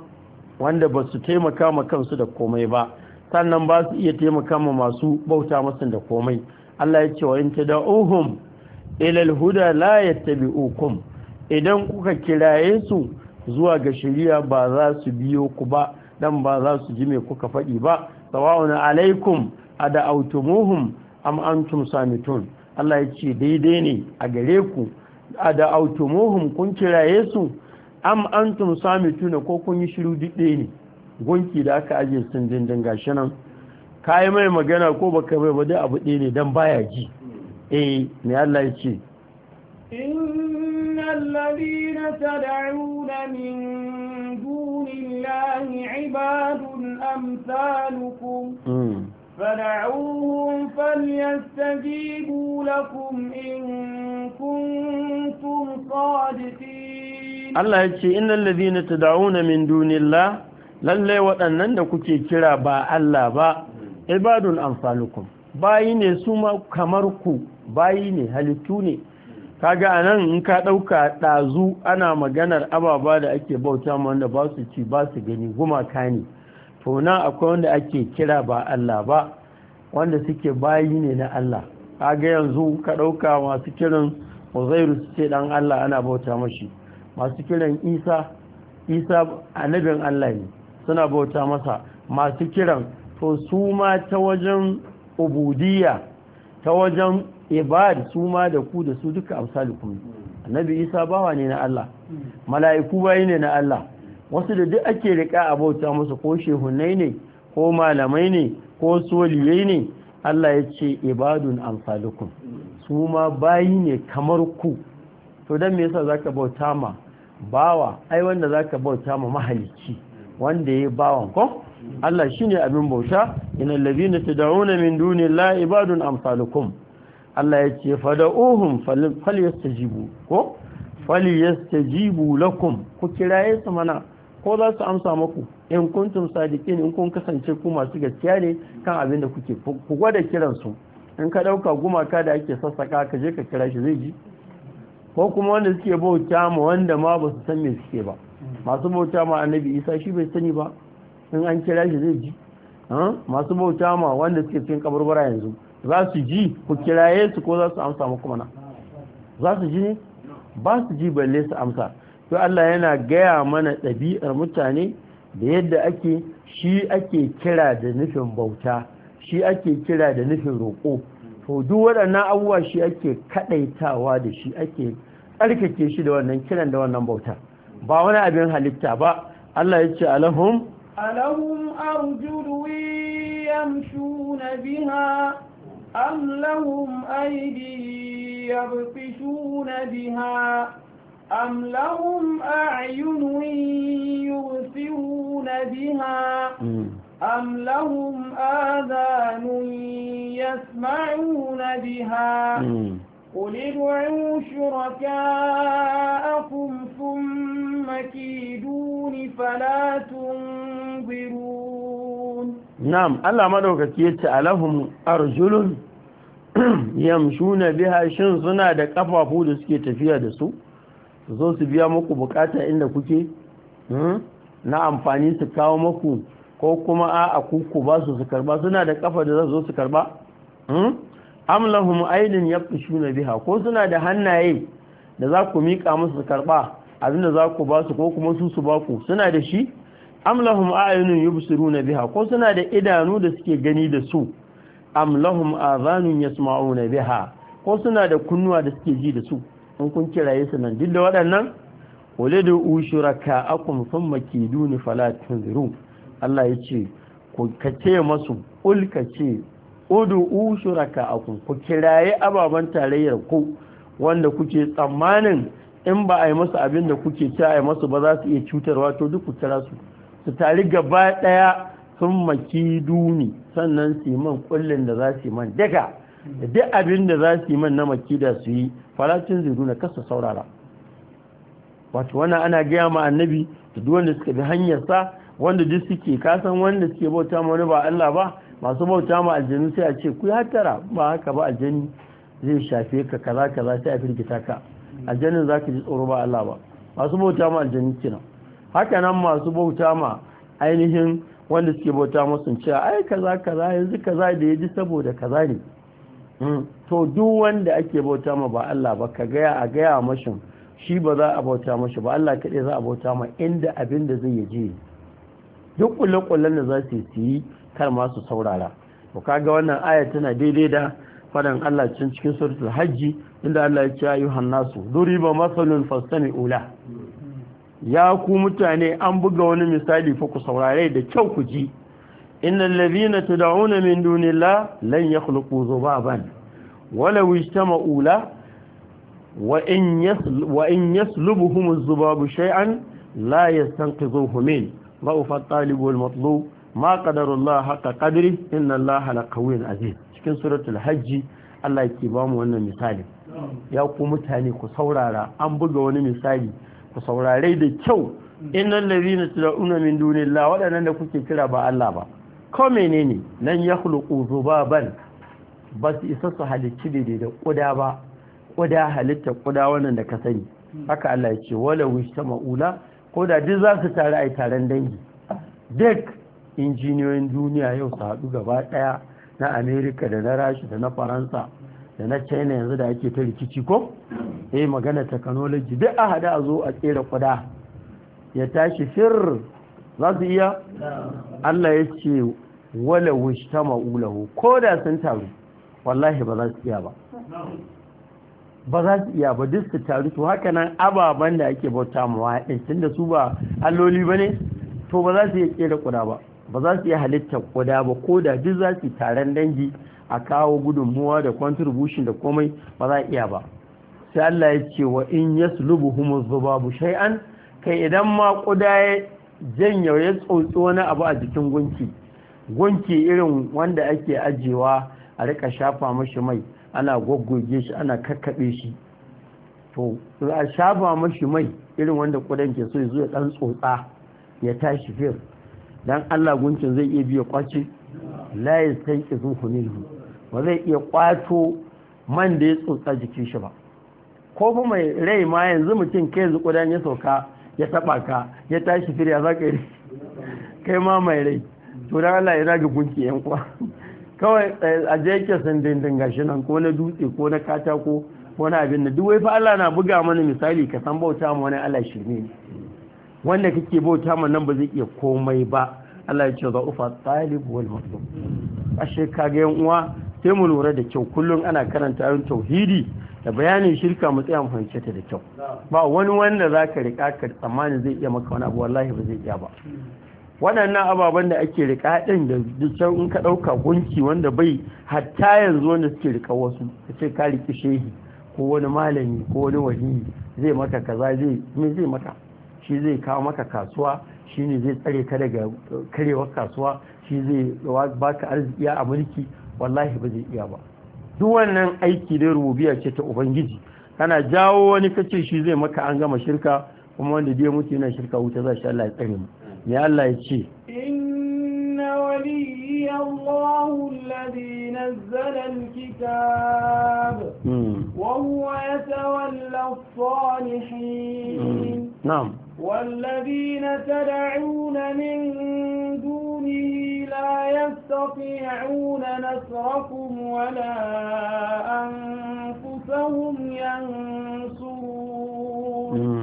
wanda ba su taimaka ma kansu da komai ba sannan ba su iya taimaka ma masu bauta masu da komai Allah ya ce wa in tad'uhum ila al-huda la yattabi'ukum idan kuka kiraye su zuwa ga shari'a ba za su biyo ku ba dan ba za su ji me kuka faɗi ba sawa'un alaikum ada autumuhum am antum samitun Allah ya ce daidai ne a gare ku ada autumuhum kun kiraye su am antum samitun ko kun yi shiru dide ne gunki da aka aje sun dindin gashi nan kai mai magana ko baka mai ba dai abu ɗaya ne dan baya ji eh me Allah ya ce الله عباد أمثالكم فدعوهم فليستجيبوا لكم إن كنتم صادقين الله يقول إن الذين تدعون من دون الله lalle waɗannan da kuke kira ba Allah ba ibadun amfalukum bayi ne su ma kamar ku bayi ne halittu ne kaga a nan in ka ɗauka ɗazu ana maganar ababa da ake bauta wanda ba su ci ba su gani gumaka ne to na akwai wanda ake kira ba Allah ba wanda suke bayi ne na Allah kaga yanzu ka ɗauka masu kiran uzairu ce dan Allah ana bauta mashi masu kiran isa isa annabin Allah ne suna bauta masa masu kiran to su ma ta wajen ubudiyya ta wajen ibad eh, su ma da ku da su duka amsalukum annabi isa bawa ne na Allah mala'iku bai ne na Allah wasu da duk ake rika a bauta musu ko shehunai ne ko malamai ne ko soliyai ne Allah ya ce ibadun amsalukum su ma bayi ne kamar ku to dan me yasa zaka bauta ma bawa ai wanda zaka bauta ma mahalici wanda ya bawan ko Allah shine abin bauta inal ladina tad'una min duniya ibadun amsalukum Allah ya ce fada'uhum falyastajibu ko falyastajibu lakum ku kiraye su mana ko za su amsa maku in kuntum sadiki in kun kasance ku masu gaskiya ne kan abin da kuke ku gwada kiran su in ka dauka gumaka da ake sassaka ka je ka kira shi zai ji ko kuma wanda suke bauta ma wanda ma ba su san me suke ba masu bauta ma annabi isa shi bai sani ba in an kira shi zai ji masu bauta ma wanda suke cikin kabarbara yanzu za su ji ku kiraye su ko za su amsa muku mana za su ji ne ba su ji balle su amsa to Allah yana gaya mana ɗabi'ar mutane da yadda ake shi ake kira da nufin bauta shi ake kira da nufin roƙo to duk waɗannan abubuwa shi ake kaɗaitawa da shi ake tsarkake shi da wannan kiran da wannan bauta ba wani abin halitta ba Allah ya ce alahum alahum arjulu yamshuna biha أم لهم أيدي يبطشون بها أم لهم أعين يبصرون بها أم لهم آذان يسمعون بها قل ادعوا شركاءكم ثم كيدون فلا تنظرون na'am Allah madaukaki yace alahum arjulun yamshuna biha shin suna da kafafu da suke tafiya da su zo su biya muku bukata inda kuke hmm? na amfani su kawo muku ko kuma a kuku ba su su karba suna da kafa da zo su karba hmm? am lahum aydin shuna biha ko suna da hannaye da za ku mika musu su karba abinda za ku ba su ko kuma su su ba ku suna da shi am lahum ayunun yubsiruna biha ko suna da idanu da suke gani da su am lahum adhanun yasma'una biha ko suna da kunnuwa da suke ji da su in kun kiraye su nan duk da waɗannan walidu ushuraka akum thumma kiduni fala tunziru Allah ya ce ku kace masu ul kace udu ushuraka akum ku kiraye ababan tarayyar ku wanda kuke tsammanin in ba a yi masu abin da kuke ci a yi masu ba za su iya cutarwa to duk ku kira su su tari gaba ɗaya sun maki duni sannan su man kullum da za su yi man daga da duk abin da za su yi man na maki da su yi falacin zai nuna kasa saurara wato wani ana gaya ma annabi da duk wanda suka bi hanyarsa wanda duk suke kasan wanda suke bauta ma wani ba Allah ba masu bauta ma aljanu sai a ce ku hatara ba haka ba aljani zai shafe ka kaza kaza sai a firgita ka aljanin za ka ji tsoro ba Allah ba masu bauta ma aljanu kenan haka nan masu bauta ma ainihin wanda suke bauta musu cewa ai kaza kaza yanzu kaza da ya ji saboda kaza ne hmm. to duk wanda ake bauta ma ba Allah ba ka gaya a gaya mashin shi ba za a bauta mashi ba Allah kaɗai za a bauta ma inda abin da zai yaje duk kule-kulen da za su yi kar masu su saurara to kaga wannan aya tana daidai da fadan Allah cikin cikin suratul hajji inda Allah ya ce ayyuhan nasu duriba masalun fastami'u ula. ya ku mutane an buga wani misali fa ku saurare da kyau ku ji innal ladhina tad'una min dunillah lan yakhluqu dhubaban walau ijtama'u la wa in yasl wa in yaslubuhum adh-dhubabu shay'an la yastanqidhuhu min ضعف الطالب والمطلوب ما قدر الله حق قدره إن الله لقوي عزيز cikin suratul hajji Allah yake ba mu wannan misali ya ku mutane ku saurara an buga wani misali ku saurare da kyau innal ladhina tad'una min duniya waɗannan da kuke kira ba Allah ba ko menene nan ya khuluqu zubaban ba su isa su halicci daidai da kuda ba kuda halitta kuda wannan da ka sani haka Allah ya ce wala wishta maula ko da duk za su tare ai taron dangi duk injiniyoyin duniya yau su haɗu gaba ɗaya na Amerika da na Rashi da na Faransa da na china yanzu da ake ta rikici ko eh magana technology duk a hada a zo a tsere kuda ya tashi fir za su iya Allah ya ce wala wushta ma'ulahu ko da sun taru wallahi ba za su iya ba ba za su iya ba duk su taru to haka nan ababen da ake bauta mawa tun da su ba alloli ba ne to ba za su iya tsere kuda ba ba za su iya halittar kuda ba ko da duk za su taron dangi a kawo gudunmuwa da contribution da komai ba za a iya ba sai Allah ya ce wa in humu zubabu shay'an kai idan ma kuda ya janya ya tsotsi wani abu a jikin gunki gunki irin wanda ake ajewa a rika shafa mashi mai ana goggoge shi ana kakkabe shi to a shafa mashi mai irin wanda kudan ke so ya zo ya dan tsotsa ya tashi fir dan Allah guncin zai iya biya kwaci la yastanqizuhu minhu ba zai iya kwato man da ya tsotsa jikin shi ba ko kuma mai rai ma yanzu mutum kai yanzu ya sauka ya taba ka ya tashi firya za ka yi kai ma mai rai to da Allah ya rage gunki yan kwa kawai eh, a je yake san dindin gashi nan ko na dutse ko na katako ko na abin da duk wai fa Allah na buga mana misali ka san bauta mu wani Allah shi ne wanda kake bauta mu nan ba zai iya komai ba Allah ya ce za ufa talib wal mahdum ashe ga yan uwa sai mu lura da kyau kullum ana karanta ayoyin tauhidi da bayanin shirka mu tsaya mu fahimce ta da kyau ba wani wanda zaka rika ka tsammani zai iya maka wani abu wallahi ba zai iya ba waɗannan ababen da ake rika ɗin da can in ka ɗauka gunki wanda bai hatta yanzu wanda suke rika wasu ka ce ka riki shehi ko wani malami ko wani waliyi zai maka kaza zai me zai maka shi zai kawo maka kasuwa shi ne zai tsare ka daga karewar kasuwa shi zai baka arziki a mulki wallahi ba zai iya ba duk wannan aiki da rububiya ce ta ubangiji kana jawo wani kace shi zai maka an gama shirka kuma wanda dai mutu yana shirka wuta za shi Allah ya tsare mu ya Allah ya ce in ولي الله الذي نزل الكتاب وهو يتولى الصالحين نعم والذين تدعون من دونه لا يستطيعون نصركم ولا أنفسهم ينصرون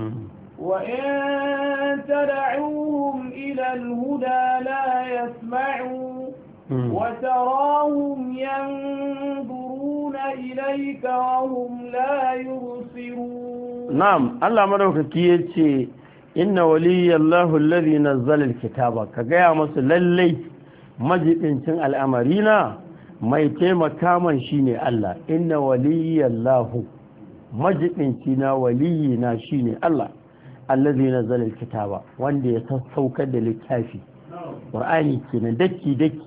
وإن تدعوهم إلى الهدى لا يسمعوا وتراهم ينظرون إليك وهم لا يبصرون نعم الله مدوك كيتي إن ولي الله الذي نزل الكتاب كجاء مسل للي مجد الأمرين mai taimaka man shine Allah inna waliyallahu majibinci na waliyina shine Allah allazi nazzala alkitaba wanda ya sassaukar da littafi qur'ani kenan daki-daki.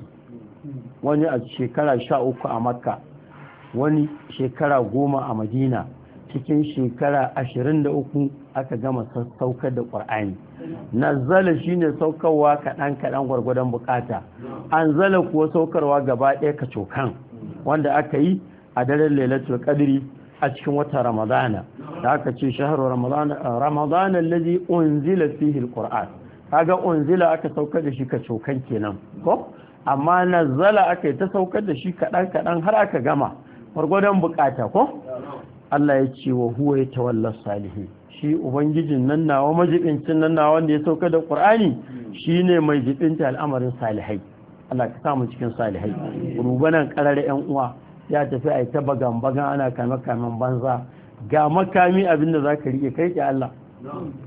wani a shekara sha uku a makka wani shekara goma a madina cikin shekara ashirin da uku aka gama sassaukar da ƙwar'ani nazzala shine saukarwa kaɗan kaɗan gwargwadon bukata an zala kuwa saukarwa gaba ɗaya ka cokan wanda aka yi a daren lailatul qadri a cikin wata ramadana da aka ce shahar ramadana ramadana unzila fihi alquran kaga unzila aka saukar da shi ka cokan kenan ko amma nazala aka yi ta saukar da shi kadan kadan har aka gama fargwadon bukata ko Allah ya ce wa huwa yatawalla salihin shi ubangijin nan nawa majibincin nan nawa wanda ya saukar da qur'ani shine mai jibinta al'amarin salihai Allah ka samu cikin salihai rubanan ƙarar yan uwa ya tafi a yi ta bagan bagan ana kame kamen banza ga makami abin da za ka riƙe kai ke Allah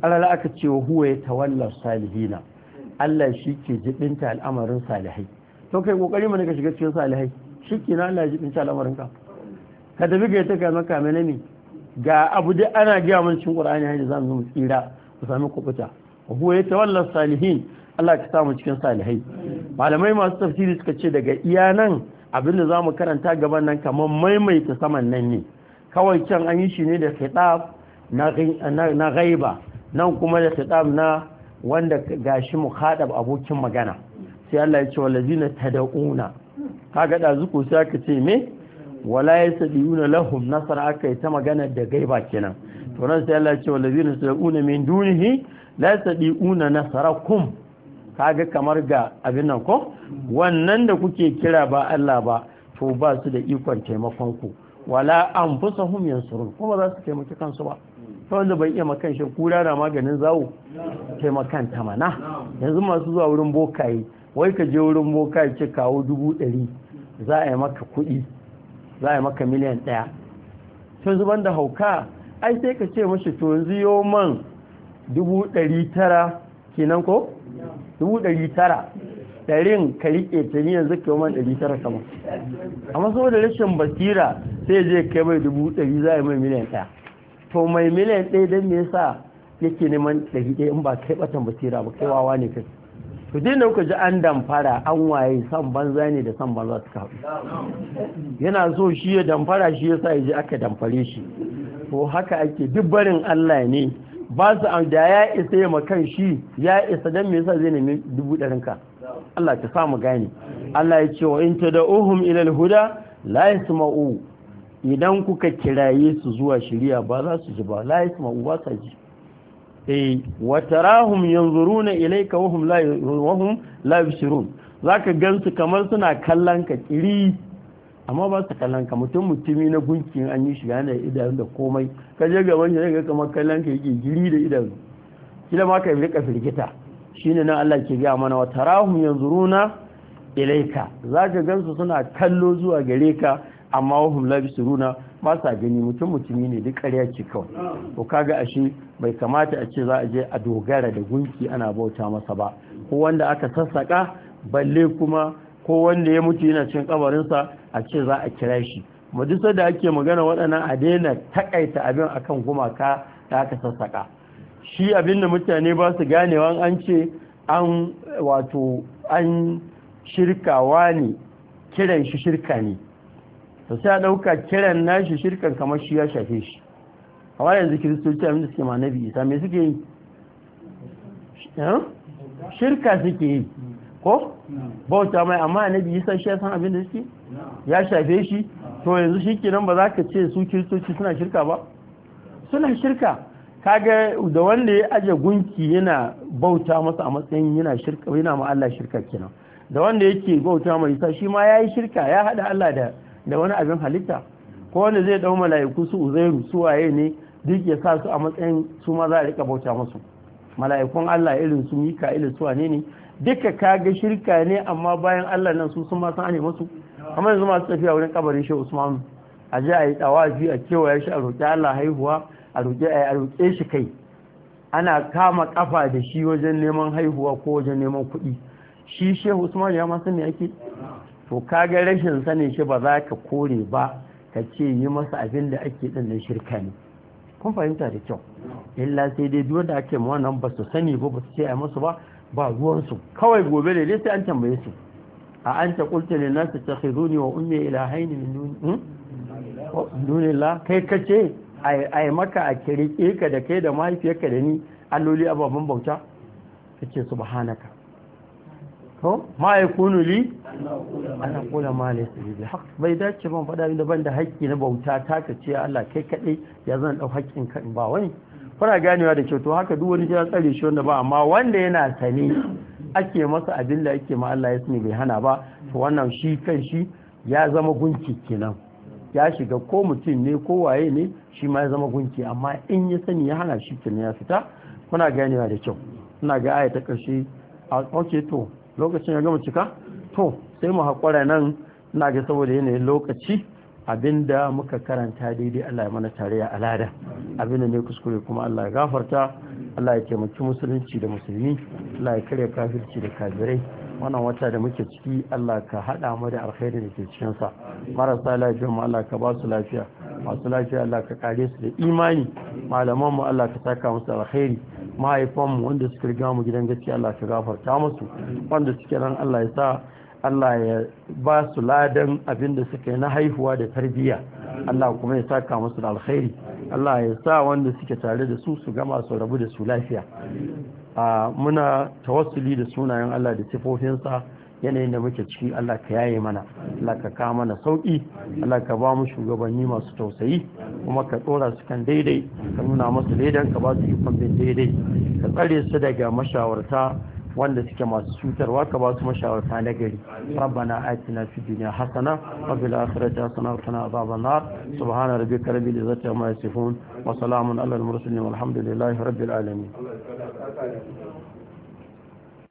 alala aka ce wa huwa ya tawallar salihina Allah shi ke jibinta al'amarin salihai to kai kokari mana ka shiga cikin salihai shi ke na Allah jibinta al'amarin ka ka tafi ga ta kame kame na ne ga abu da ana gaya mana cikin Qur'ani hanyar za mu tsira mu sami kubuta wa huwa ya tawallar salihin Allah ka samu cikin salihai malamai masu tafsiri suka ce daga iya nan da za mu karanta gaban nan kamar maimaita saman nan ne kawai can an yi shi ne da fitab na gaiba nan kuma da fitab na wanda gashi mu haɗa abokin magana sai Allah ya ce walazina tad'una kaga da zuku sai aka ce me wala yasdiyuna lahum nasar aka yi ta magana da gaiba kenan to nan sai Allah ya ce walazina tad'una min dunihi la yasdiyuna nasarakum Ka ga kamar ga abin nan ko wannan da kuke kira ba Allah ba to ba su da ikon taimakon ku wala anfusahum yansurun kuma za su taimaki kansu ba ta wanda bai iya makan shi kura da maganin zawo taimakan ta mana yanzu masu zuwa wurin bokaye wai ka je wurin bokaye ce kawo dubu ɗari za a yi maka kuɗi za a yi maka miliyan ɗaya To yanzu da hauka ai sai ka ce mashi to yanzu man dubu ɗari tara kenan ko dubu ɗari tara ɗarin ka riƙe ta ni yanzu ka man ɗari tara sama amma saboda rashin basira sai je kai mai dubu ɗari za a mai miliyan ɗaya to mai miliyan ɗaya don me yasa yake neman ɗari ɗaya in ba kai ɓatan basira ba kai wawa ne kai to dai da kuka ji an damfara an waye san banza ne da san banza suka haɗu yana so shi ya damfara shi yasa ya je aka damfare shi to haka ake duk barin Allah ne ba su an da ya isa ya makan shi ya isa don me yasa zai nemi dubu ɗarinka Allah ta samu gane Allah ya ce wa in ta da uhum ilal huda la ma'u idan kuka kiraye su zuwa shiriya ba za su ji ba la ma'u ba sa ji eh wa tarahum yanzuruna ilai ka wahum la wa shirun za ka zaka gansu kamar suna kallon ka kiri amma ba su kallon ka mutum mutumi na gunki an yi shiga da idanu da komai ka je gaban shi ga kamar kallon ka yake giri da idanu kila ma ka rika firgita shine nan Allah ke gaya mana wa Yanzu runa ilaika zaka gansu suna kallo zuwa gare ka amma wahum labisuruna ba sa gani mutum mutumi ne duk ƙarya ce kawai to kaga ashe bai kamata a ce za a je a dogara da gunki ana bauta masa ba ko wanda aka sassaka balle kuma ko wanda ya mutu yana cin kabarinsa a ce za a kira shi mu da ake magana waɗannan a daina takaita abin akan gumaka da aka sassaka shi abin da mutane ba su ganewa an ce an wato an shirkawa ne kiran shi shirka ne to sai a ɗauka kiran nashi shirkan kamar shi ya shafe shi A wayan yanzu kiristoci abin da suke ma nabi isa me suke yi eh? shirka suke yi ko bauta mai amma annabi isa shi san abin da suke ya shafe shi to yanzu shi kenan ba za ka ce su kiristoci suna shirka ba suna shirka kaga da wanda ya aje gunki yana bauta masa a matsayin yana shirka yana ma Allah shirka kenan da wanda yake bauta mai isa shi ma yayi shirka ya hada Allah da da wani abin halitta ko wanda zai dau mala'iku su uzairu su waye ne duk ya sa su a matsayin su ma za a rika bauta musu mala'ikun Allah irin su mika irin su wane ne duka kaga shirka ne amma bayan Allah nan su sun ma san ane musu amma yanzu masu tafiya wurin kabarin shi Usman a je a yi tawafi a kewaye shi a roƙi Allah haihuwa a roƙe a roƙe shi kai ana kama kafa da shi wajen neman haihuwa ko wajen neman kuɗi shi Shehu Usman ya ma san me ake to kaga rashin sanin shi ba za ka kore ba ka ce yi masa abin da ake din nan shirka ne kun fahimta da kyau illa sai dai duk wanda ake ma wannan ba su sani ba ba su ce a masu ba ba ruwansu kawai gobe ne dai sai an tambaye su a an ta kulta ne nasu ta ne wa umme ne min hmm? la kai kace ai maka a kirike ka da kai da mahaifiyarka da ni alloli ababen bauta kace subhanaka to ma yakunu li ana kula ma su bi haqq bai dace ban faɗa inda ban da haƙƙi na bauta ta kace Allah kai kadai ya zan dau haƙƙin ka in ba wani kuna ganewa da kyau to haka duk wani ya tsare shi wanda ba amma wanda yana sani ake masa abin da ake ma Allah ya sani bai hana ba to wannan shi kan shi ya zama gunki kenan ya shiga ko mutum ne ko waye ne shi ma ya zama gunki amma in ya sani ya hana shi kenan ya fita kuna ganewa da kyau kuna ga aya ta a to lokacin ya gama cika to sai mu haƙura nan ina ga saboda yanayin lokaci Abin da muka karanta daidai Allah ya mana tarayya alada abinda ne kuskure kuma Allah ya gafarta Allah ya taimaki musulunci da musulmi Allah ya karya kafirci da kafirai wannan wata da muke ciki Allah ka hada mu da alkhairi da ke cikin sa marasa lafiya mu Allah ka ba su lafiya masu lafiya Allah ka kare su da imani malaman mu Allah ka saka musu alkhairi mahaifan mu wanda suka riga mu gidan gaskiya Allah ka gafarta musu wanda suke nan Allah ya sa Allah ya ba su ladan abin da suka yi na haihuwa da tarbiyya Allah kuma ya saka musu da alkhairi Allah ya sa wanda suke tare da su su gama su rabu da su lafiya a muna tawassuli da sunayen Allah da sifofinsa yanayin da muke ciki Allah ka yaye mana Allah ka kawo mana sauki Allah ka ba mu shugabanni masu tausayi kuma ka tsora su kan daidai ka nuna musu daidan ka ba su ikon daidai ka tsare su daga mashawarta wanda suke masu cutarwa ka ba su mashawarta na gari rabbana atina fid dunya hasana wa fil akhirati hasana wa qina adhaban nar subhana rabbika rabbil izzati amma yasifun wa salamun alal mursalin walhamdulillahi rabbil alamin